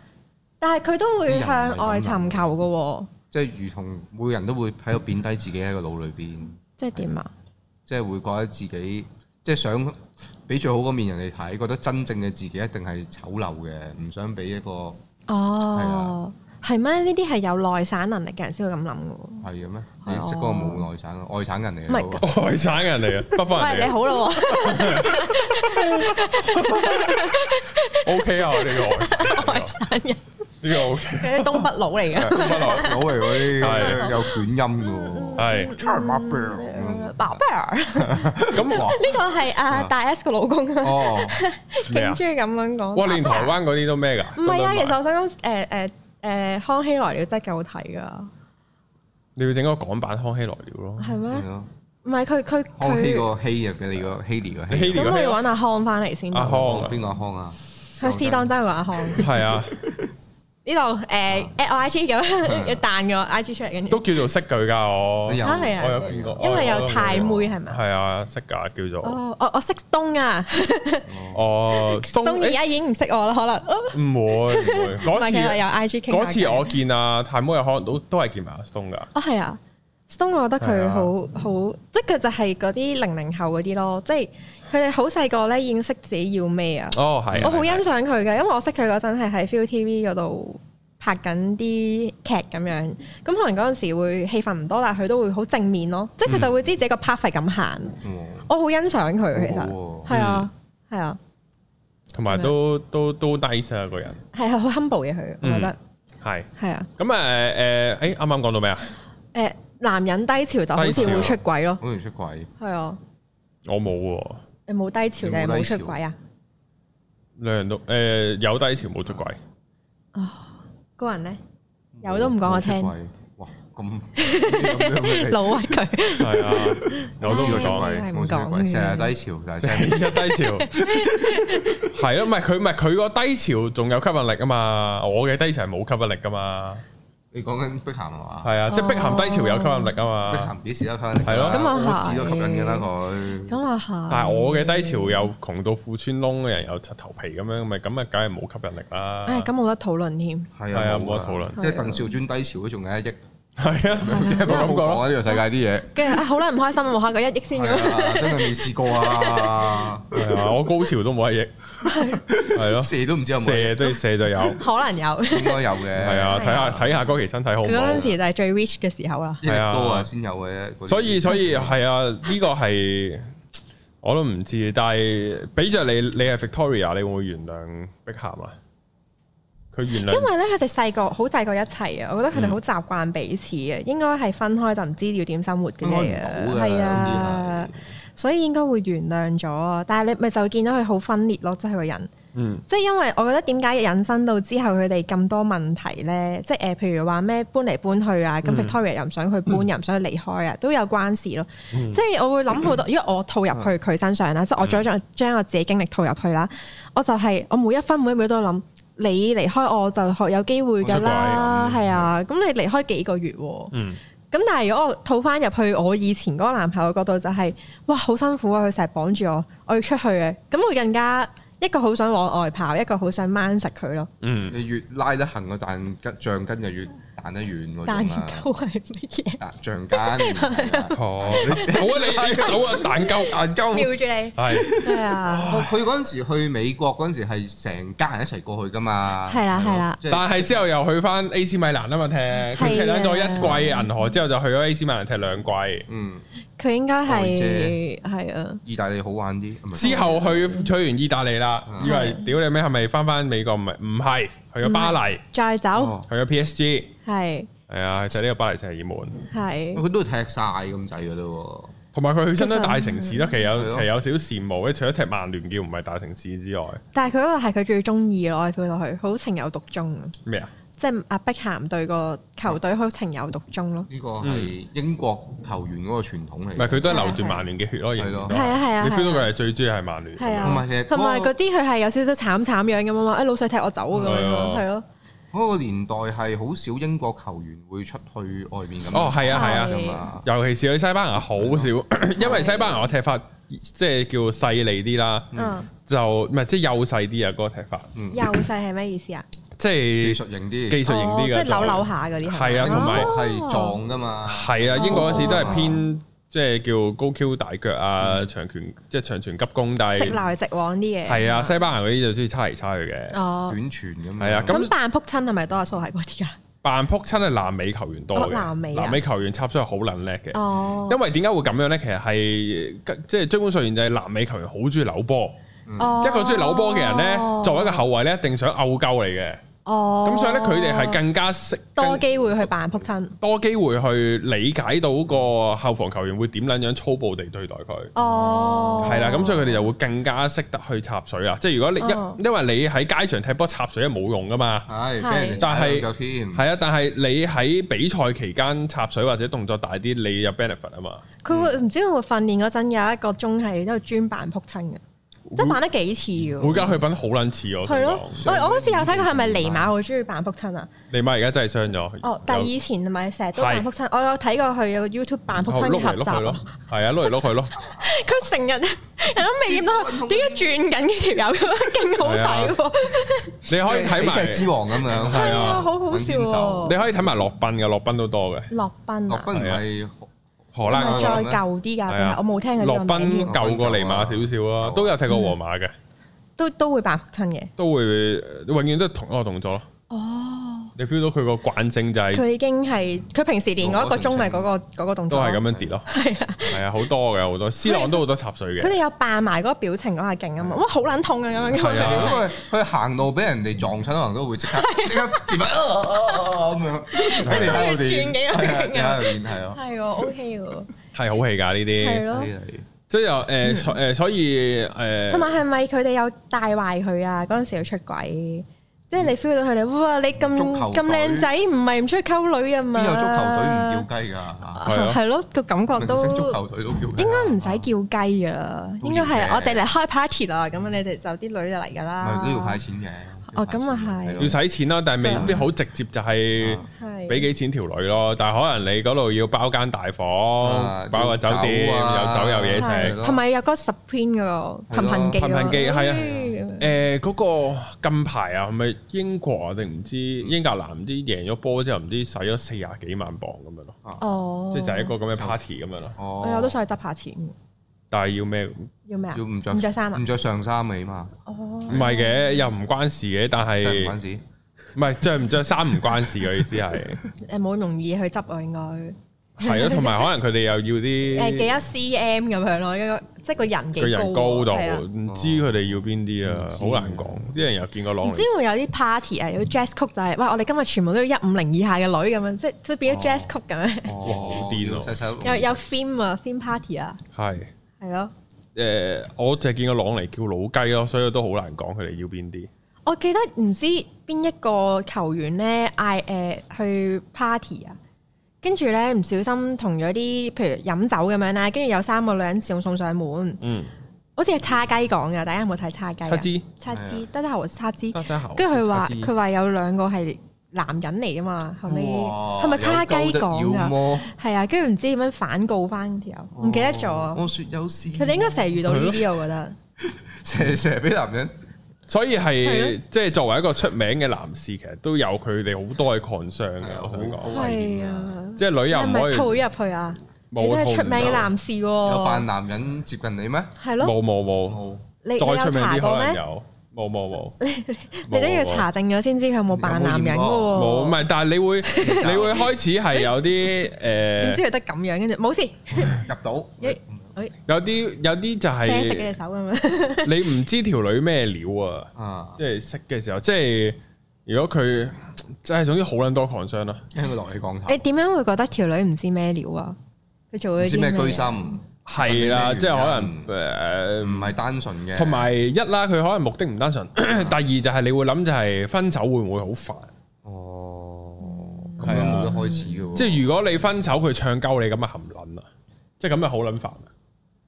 但係佢都會向外尋求嘅，即係、就是、如同每人都會喺度貶低自己喺個腦裏邊，即係點啊？即係、嗯就是、會覺得自己即係、就是、想俾最好個面人哋睇，覺得真正嘅自己一定係醜陋嘅，唔想俾一個哦。係咩？呢啲係有內省能力嘅人先會咁諗嘅。係嘅咩？你識嗰個冇內省，外省人嚟。唔係外省人嚟啊！北方人喂你好咯。O K 啊，呢個外省人呢個 O K。東北佬嚟嘅，東北佬嚟嗰啲係有捲音嘅，係。barber，咁呢個係啊大 S 嘅老公。哦，勁中意咁樣講。哇！連台灣嗰啲都咩㗎？唔係啊，其實我想講誒誒。誒、呃，康熙來了真係幾好睇噶，你要整個港版康熙來了咯，係咩嗎？唔係佢佢佢個希入邊個希希料，咁我要搵阿康翻嚟先。康啊啊、阿康邊個阿康啊？佢私當真係阿康，係啊。 呢度誒 at 我 I G 咁要彈個 I G 出嚟，嘅都叫做識佢噶我，啊係啊，我有見過，因為有太妹係咪？係啊識噶叫做，哦我我識東啊，哦東而家已經唔識我啦可能，唔會唔會嗰次有 I G 傾，嗰次我見啊太妹又可能都都係見埋阿東噶，哦，係啊。Stone 我覺得佢好好，即係佢就係嗰啲零零後嗰啲咯，即係佢哋好細個咧，認識自己要咩啊。哦，係。我好欣賞佢嘅，因為我識佢嗰陣係喺 Feel TV 嗰度拍緊啲劇咁樣，咁可能嗰陣時會戲份唔多，但係佢都會好正面咯，即係佢就會知自己個 path 係咁行。嗯。我好欣賞佢，其實係啊，係啊。同埋都都都低質一個人。係啊，好 humble 嘅佢，我覺得。係。係啊。咁誒誒誒，啱啱講到咩啊？誒。男人低潮就好似會出軌咯，好容易出軌。係啊，我冇喎。你冇低潮定係冇出軌啊？兩人都誒有低潮冇出軌。啊，高人咧有都唔講我聽。哇，咁老屈佢。係啊，有試過出軌冇出軌，成日低潮，成日低潮，係啊，唔係佢唔係佢個低潮仲有吸引力啊嘛，我嘅低潮係冇吸引力噶嘛。你講緊碧咸係嘛？係啊，即係碧咸低潮有吸引力啊嘛。啊碧咸幾時都有吸引力，係咯、啊，冇市都吸引嘅啦佢。咁啊下，啊啊但係我嘅低潮又窮到褲穿窿嘅人又柒頭皮咁樣，咪咁咪梗係冇吸引力啦。誒、哎，咁冇得討論添。係啊，冇得討論。即係鄧兆尊低潮都仲有一億。係啊，即係咁講呢個世界啲嘢，跟住好啦，唔開心，冇下個一億先。係啊，真係未試過啊！我高潮都冇一億，係咯，射都唔知有冇，射都射就有，可能有，應該有嘅。係啊，睇下睇下嗰期身體好唔好。嗰陣時就係最 rich 嘅時候啦，一億多啊，先有嘅。所以所以係啊，呢個係我都唔知，但係俾着你，你係 Victoria，你會唔會原諒碧咸啊？因為咧，佢哋細個好細個一齊啊，我覺得佢哋好習慣彼此啊，應該係分開就唔知要點生活嘅，係啊，所以應該會原諒咗啊。但係你咪就見到佢好分裂咯，即係個人，即係因為我覺得點解引申到之後佢哋咁多問題咧？即係誒，譬如話咩搬嚟搬去啊，咁、嗯、Victoria 又唔想去搬，又唔、嗯、想去離開啊，都有關事咯。嗯、即係我會諗好多，因為我套入去佢身上啦，即係、嗯、我再將我自己經歷套入去啦，我就係我每一分每一秒都諗。你離開我就學有機會㗎啦，係、嗯、啊，咁你離開幾個月喎、啊，咁、嗯、但係如果我套翻入去我以前嗰個男朋友嗰度就係、是，哇好辛苦啊，佢成日綁住我，我要出去嘅、啊，咁我更加一個好想往外跑，一個好想掹實佢咯。嗯，你越拉得行嘅，但根橡筋就越。玩得遠喎，蛋糕係乜嘢？醬干，好啊你，好啊蛋糕，蛋糕瞄住你，係，係啊。佢嗰陣時去美國嗰陣時係成家人一齊過去噶嘛？係啦係啦。但係之後又去翻 AC 米蘭啊嘛踢，佢踢咗一季銀河之後就去咗 AC 米蘭踢兩季。嗯，佢應該係係啊，意大利好玩啲。之後去去完意大利啦，以為屌你咩？係咪翻翻美國？唔係，唔係。去咗巴黎，再走，去咗 P.S.G.，係，係是啊，就呢、是、個巴黎就聖日耳曼，係是，佢都踢晒咁滯噶咯，同埋佢去真係大城市咯，其實有，其實有少少羨慕，除咗踢曼聯叫唔係大城市之外，但係佢嗰度係佢最中意咯，I feel 落去，好情有獨鍾啊，咩啊？即係阿碧咸對個球隊好情有獨鐘咯。呢個係英國球員嗰個傳統嚟。唔係佢都係流住曼聯嘅血咯，而家係咯。係啊係啊。你 feel 到佢係最中意係曼聯。係啊。同埋啲佢係有少少慘慘樣咁啊嘛，誒，老細踢我走咁樣。係咯。嗰個年代係好少英國球員會出去外面咁。哦係啊係啊。尤其是喺西班牙好少，因為西班牙個踢法即係叫細利啲啦。就唔係即係幼細啲啊？嗰個踢法。幼細係咩意思啊？即係技術型啲，技術型啲嘅，即係扭扭下嗰啲。係啊，同埋係撞噶嘛。係啊，英國嗰時都係偏即係叫高 Q 大腳啊，長拳即係長拳急攻。但係直來直往啲嘢。係啊，西班牙嗰啲就中意叉嚟叉去嘅。哦，短傳咁。係啊，咁扮撲親係咪多數係嗰啲啊？扮撲親係南美球員多嘅。南美球員插出去好撚叻嘅。哦，因為點解會咁樣咧？其實係即係追本溯源就係南美球員好中意扭波。哦，即係佢中意扭波嘅人咧，作為一個後衞咧，一定想拗鳩嚟嘅。哦，咁所以咧，佢哋係更加識更多機會去扮撲親，多機會去理解到個後防球員會點樣樣粗暴地對待佢。哦，係啦，咁所以佢哋就會更加識得去插水啦。即係如果你因、哦、因為你喺街場踢波插水係冇用噶嘛，係是，就係唔係啊，但係你喺比賽期間插水或者動作大啲，你有 benefit 啊嘛。佢會唔知會訓練嗰陣有一個鐘係一個專扮撲親嘅。真扮得幾似嘅，每家去扮得好撚似我。係咯，我我嗰次有睇佢係咪尼馬好中意扮福親啊？尼馬而家真係傷咗。哦，但係以前咪成日都扮福親，我有睇過佢有個 YouTube 扮福親碌嚟碌去咯。係啊，碌嚟碌去咯。佢成日人都未見到點解轉緊嘅條友咁樣勁好睇喎？你可以睇埋《喜劇之王》咁樣，係啊，好好笑。你可以睇埋洛賓嘅，洛賓都多嘅。洛賓啊，洛賓係。係再舊啲㗎，啊、我冇聽過。羅賓舊過尼馬少少啊，都有睇過皇馬嘅、嗯，都都會扮親嘅，都會,都會永遠都係同一個動作咯。哦。你 feel 到佢個慣性就係佢已經係佢平時練嗰一個鐘咪嗰個嗰動作都係咁樣跌咯。係啊，係啊，好多嘅好多，C 朗都好多插水嘅。佢哋有扮埋嗰個表情嗰下勁啊嘛，哇，好撚痛啊咁樣。佢行路俾人哋撞親，可能都會即刻即刻跌啊啊啊啊咁樣，轉幾個勁啊。係咯，OK 喎，係好戲㗎呢啲，係咯，即係又誒誒，所以誒，同埋係咪佢哋有帶壞佢啊？嗰陣時要出軌。即係你 feel 到佢哋，哇！你咁咁靚仔，唔係唔出去溝女啊嘛？邊有足球隊唔叫雞㗎？係咯，個感覺都。明星足球隊都叫雞。應該唔使叫雞啊，應該係我哋嚟開 party 啦。咁你哋就啲女嚟㗎啦。係都要派錢嘅。哦，咁啊係，要使錢咯，但係未必好直接就係俾幾錢條女咯，但係可能你嗰度要包間大房，包個酒店有酒有嘢食，係咪有個十篇嘅㗎？噴噴機，噴噴機係啊，誒嗰個近排啊，係咪英國啊定唔知英格蘭唔知贏咗波之後唔知使咗四十幾萬鎊咁樣咯，即係就係一個咁嘅 party 咁樣咯。哦，我都想去執下錢。但係要咩？要咩啊？要唔著唔著衫啊？唔著上衫啊？起碼？哦，唔係嘅，又唔關事嘅。但係唔關事，唔係著唔著衫唔關事嘅意思係。誒，冇咁容易去執啊，應該係咯。同埋可能佢哋又要啲誒幾多 cm 咁樣咯，一個即係個人嘅人高度，唔知佢哋要邊啲啊，好難講。啲人又見過攞，唔知會有啲 party 啊，有 jazz 曲就係哇！我哋今日全部都一五零以下嘅女咁樣，即係佢變咗 jazz 曲咁樣。哇！好癲啊！細細有有 theme 啊，theme party 啊，係。係對咯，誒、呃，我淨係見過朗尼叫老雞咯，所以都好難講佢哋要邊啲。我記得唔知邊一個球員咧，嗌誒、呃、去 party 啊，跟住咧唔小心同咗啲，譬如飲酒咁樣啦，跟住有三個女人自動送上門，嗯，好似係叉雞講噶，大家有冇睇叉雞？叉枝，叉枝，德仔喉，叉跟住佢話，佢話有兩個係。男人嚟啊嘛，係咪？係咪叉雞講噶？係啊，跟住唔知點樣反告翻條友，唔記得咗。我說有事。佢哋應該成日遇到呢啲，我覺得成成日俾男人，所以係即係作為一個出名嘅男士，其實都有佢哋好多嘅 concern 嘅，我好危險啊！即係旅遊唔可以入去啊！你都係出名嘅男士喎，有扮男人接近你咩？係咯，冇冇冇，你再出名啲可能有。冇冇冇，沒沒 你都要查證咗先知佢有冇扮男人噶喎。冇，唔係，但係你會你會開始係有啲誒，點、呃、知佢得咁樣，跟住冇事入到。 有啲有啲就係、是，隻手咁樣 你唔知條女咩料啊？啊即係識嘅時候，即係如果佢即係總之好撚多 concern 啦。聽佢同你講，你點樣會覺得條女唔知咩料啊？佢做咗啲咩居心？係啦，啊、即係可能誒，唔係單純嘅。同埋一啦，佢可能目的唔單純。 第二就係你會諗就係分手會唔會好煩？哦，咁、啊、樣冇得開始嘅。即係如果你分手，佢唱鳩你咁啊含撚啊！即係咁啊好撚煩啊！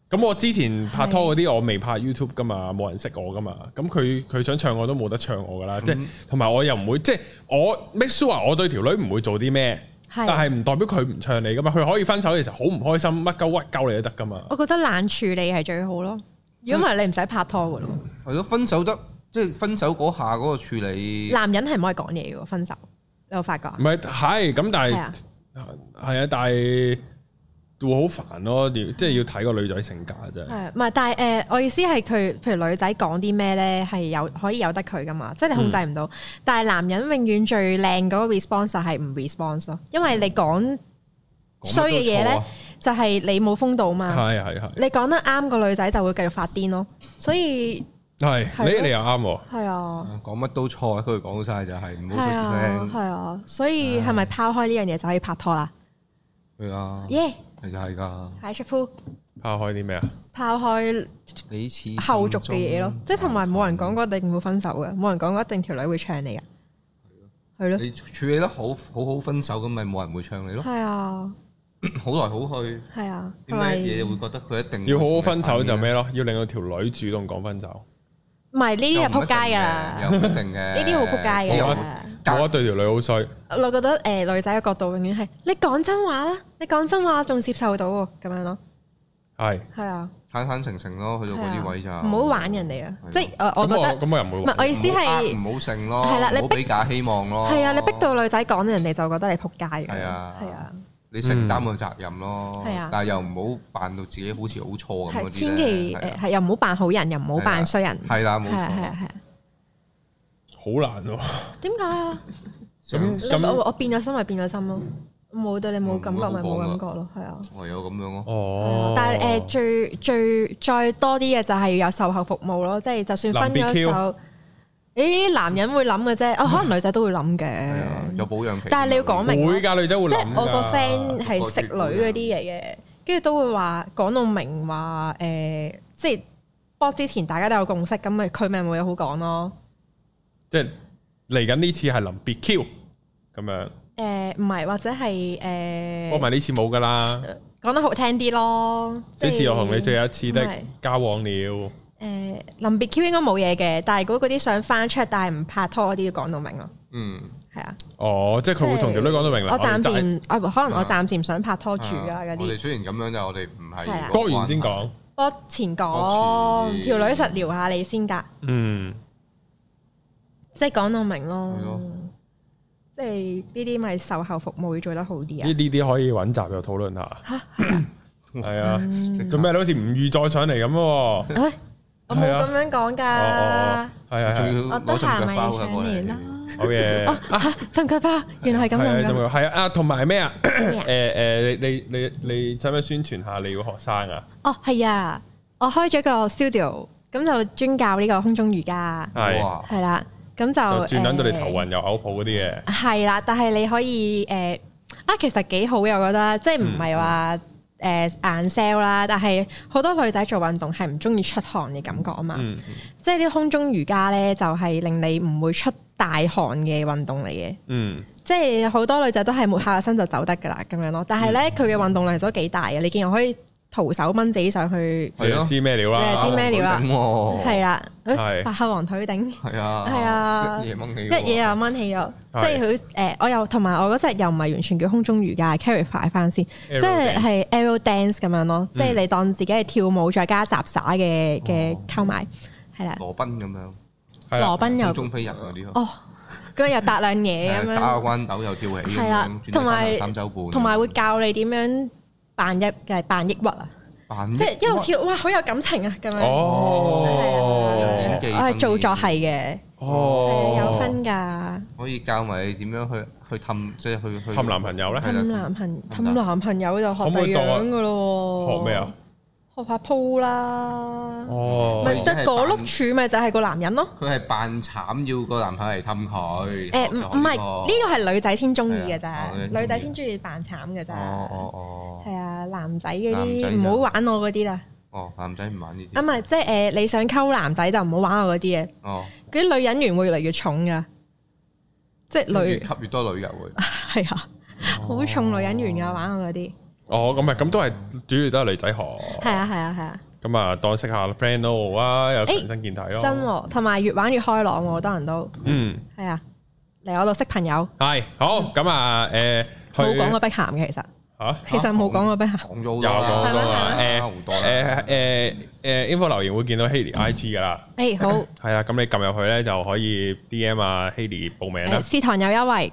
咁我之前拍拖嗰啲，的我未拍 YouTube 噶嘛，冇人識我噶嘛。咁佢佢想唱我都冇得唱我噶啦。嗯、即係同埋我又唔會即係我 make sure 我對條女唔會做啲咩。是但係唔代表佢唔唱你噶嘛，佢可以分手嘅時候好唔開心，乜鳩屈鳩你都得噶嘛。我覺得懶處理係最好咯，如果唔係你唔使拍拖噶咯。係咯，分手得即係、就是、分手嗰下嗰個處理。男人係唔可以講嘢嘅喎，分手你有發覺？唔係係咁，但係係啊，但係。會好煩咯，即係要睇個女仔性格真係。係唔係？但係誒、呃，我意思係佢，譬如女仔講啲咩咧，係有可以有得佢噶嘛？即係你控制唔到。嗯、但係男人永遠最靚嗰個 response 係唔 response 咯，因為你講衰嘅嘢咧，就係你冇風度嘛。係係係。你講得啱個女仔就會繼續發癲咯，所以係的的你嚟又啱。係啊。講乜都錯，佢講晒就係唔好出聲係啊，所以係咪拋開呢樣嘢就可以拍拖啦？係啊。耶！Yeah 其實係噶，拋開啲咩啊？拋開彼此後續嘅嘢咯，即係同埋冇人講過一定會分手嘅，冇人講過一定條女會唱你噶。係咯了，你處理得好好好分手咁，咪冇人會唱你咯。係啊 ，好來好去。係啊，係咪？嘢會覺得佢一定要好好分手就咩咯？要令到條女主動講分手。唔係呢啲係扑街噶啦，有一定嘅呢啲好扑街嘅。我覺得對條女好衰。我覺得誒女仔嘅角度永遠係你講真話啦，你講真話仲接受到喎，咁樣咯。係係啊，坦坦誠誠咯，去到嗰啲位就唔好玩人哋啊！即係我覺得咁我又唔會。唔係我意思係唔好勝咯，係啦，你俾假希望咯。係啊，你逼到女仔講人哋就覺得你撲街嘅。係啊，係啊，你承擔個責任咯。係啊，但係又唔好扮到自己好似好錯咁嗰啲千祈誒，又唔好扮好人，又唔好扮衰人。係啦，冇錯，係啊，係啊。好難咯，點解啊？咁我我變咗心咪變咗心咯，冇對你冇感覺咪冇感覺咯，係啊。唯有咁樣咯。哦。但係誒，最最再多啲嘅就係有售後服務咯，即係就算分咗手，誒，男人會諗嘅啫，哦，可能女仔都會諗嘅。有保養期。但係你要講明啊。會噶，女仔會諗。即係我個 friend 係食女嗰啲嘢嘅，跟住都會話講到明話，誒，即係分之前大家都有共識，咁咪佢咪冇嘢好講咯。即係嚟緊呢次係臨別 Q 咁樣，誒唔係或者係誒，唔係呢次冇噶啦，講得好聽啲咯，呢次又同你最後一次的交往了。誒，臨別 Q 應該冇嘢嘅，但係如果嗰啲想翻出但係唔拍拖嗰啲要講到明咯。嗯，係啊。哦，即係佢會同條女講到明。我暫暫，可能我暫暫唔想拍拖住啊嗰啲。我哋雖然咁樣就我哋唔係，播完先講，播前講條女實聊下你先噶。嗯。即係講到明咯，即係呢啲咪售後服務要做得好啲啊！呢啲啲可以揾集又討論下。嚇係啊！做咩你好似唔預再上嚟咁喎？我冇咁樣講㗎。係啊，我都行埋嚟上嚟啦。好嘢，哦啊，陳原來係咁樣。係啊，同埋咩啊？誒誒，你你你你使唔使宣傳下你要學生啊？哦，係啊，我開咗個 studio，咁就專教呢個空中瑜伽。係。係啦。咁就，、呃、就轉兩到你頭暈又嘔吐嗰啲嘢，係啦，但係你可以誒、呃、啊，其實幾好嘅。我覺得，即係唔係話誒硬 sell 啦。但係好多女仔做運動係唔中意出汗嘅感覺啊嘛。嗯嗯、即係啲空中瑜伽咧，就係、是、令你唔會出大汗嘅運動嚟嘅。嗯，即係好多女仔都係抹下身就走得噶啦咁樣咯。但係咧，佢嘅運動量其實都幾大嘅。你見我可以。徒手掹自己上去，係啊，知咩料啦？你係知咩料啦？係啦，白黑王腿頂，係啊，係啊，一嘢又掹起咗，即係佢誒，我又同埋我嗰隻又唔係完全叫空中瑜伽，carry 翻翻先，即係係 Aero Dance 咁樣咯，即係你當自己係跳舞再加雜耍嘅嘅溝埋，係啦，羅賓咁樣，羅賓又空中飛人嗰啲哦，佢又搭兩嘢咁，打個關斗又吊起，係啦，同埋同埋會教你點樣。扮一嘅，就係，扮抑鬱啊！扮即係一路跳，哇，好有感情啊！咁樣，我係做作係嘅，哦、嗯，有分噶。可以教埋你點樣去去氹，即係去去氹男朋友咧？氹男朋友，氹男朋友就學第二樣噶咯。可可學咩啊？學下鋪啦，咪得嗰碌柱咪就係個男人咯。佢係扮慘，要個男朋友嚟氹佢。誒，唔唔係呢個係女仔先中意嘅咋，女仔先中意扮慘嘅咋。哦哦哦。係啊，男仔嗰啲唔好玩我嗰啲啦。哦，男仔唔玩呢啲。啊唔係，即係誒，你想溝男仔就唔好玩我嗰啲嘢。哦。嗰啲女人緣會越嚟越重噶，即係女吸越多女人會。係啊，好重女人緣噶，玩我嗰啲。哦，咁咪咁都係主要都係女仔學，係啊係啊係啊。咁啊，當識下 friend 都好啊，又強身健體咯，真同埋越玩越開朗，好多人都嗯係啊，嚟我度識朋友係好。咁啊，誒冇講過碧咸嘅，其實吓，其實冇講過碧咸，講咗好多啊，誒誒誒誒，inbox 留言會見到 Hailee IG 噶啦，誒好係啊，咁你撳入去咧就可以 DM 啊 Hailee 報名啦，試堂有優惠。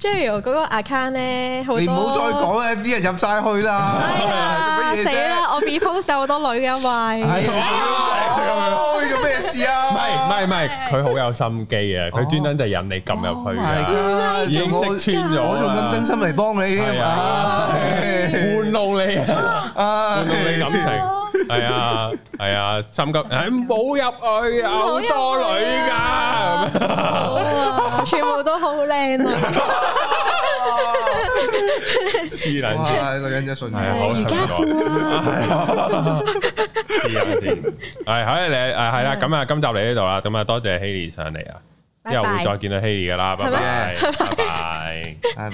Jo 嗰個 account 咧，你唔好再講啦，啲人入晒去啦。係啊，死啦！我被 post 好多女嘅壞。哎呀，你做咩事啊？唔係唔係唔係，佢好有心機嘅，佢專登就引你撳入去嘅，已經識穿咗啦。咁真心嚟幫你嘅嘛，玩弄你啊，玩弄你感情。係啊，係啊，心急，唔好入去，好多女噶，全部都好靚啊，痴男，老人家說，老人家說，痴男，係，好啦，你，係啦，咁啊，今集嚟呢度啦，咁啊，多謝 Hailee 上嚟啊，之後會再見到 Hailee 噶啦，拜拜，拜拜。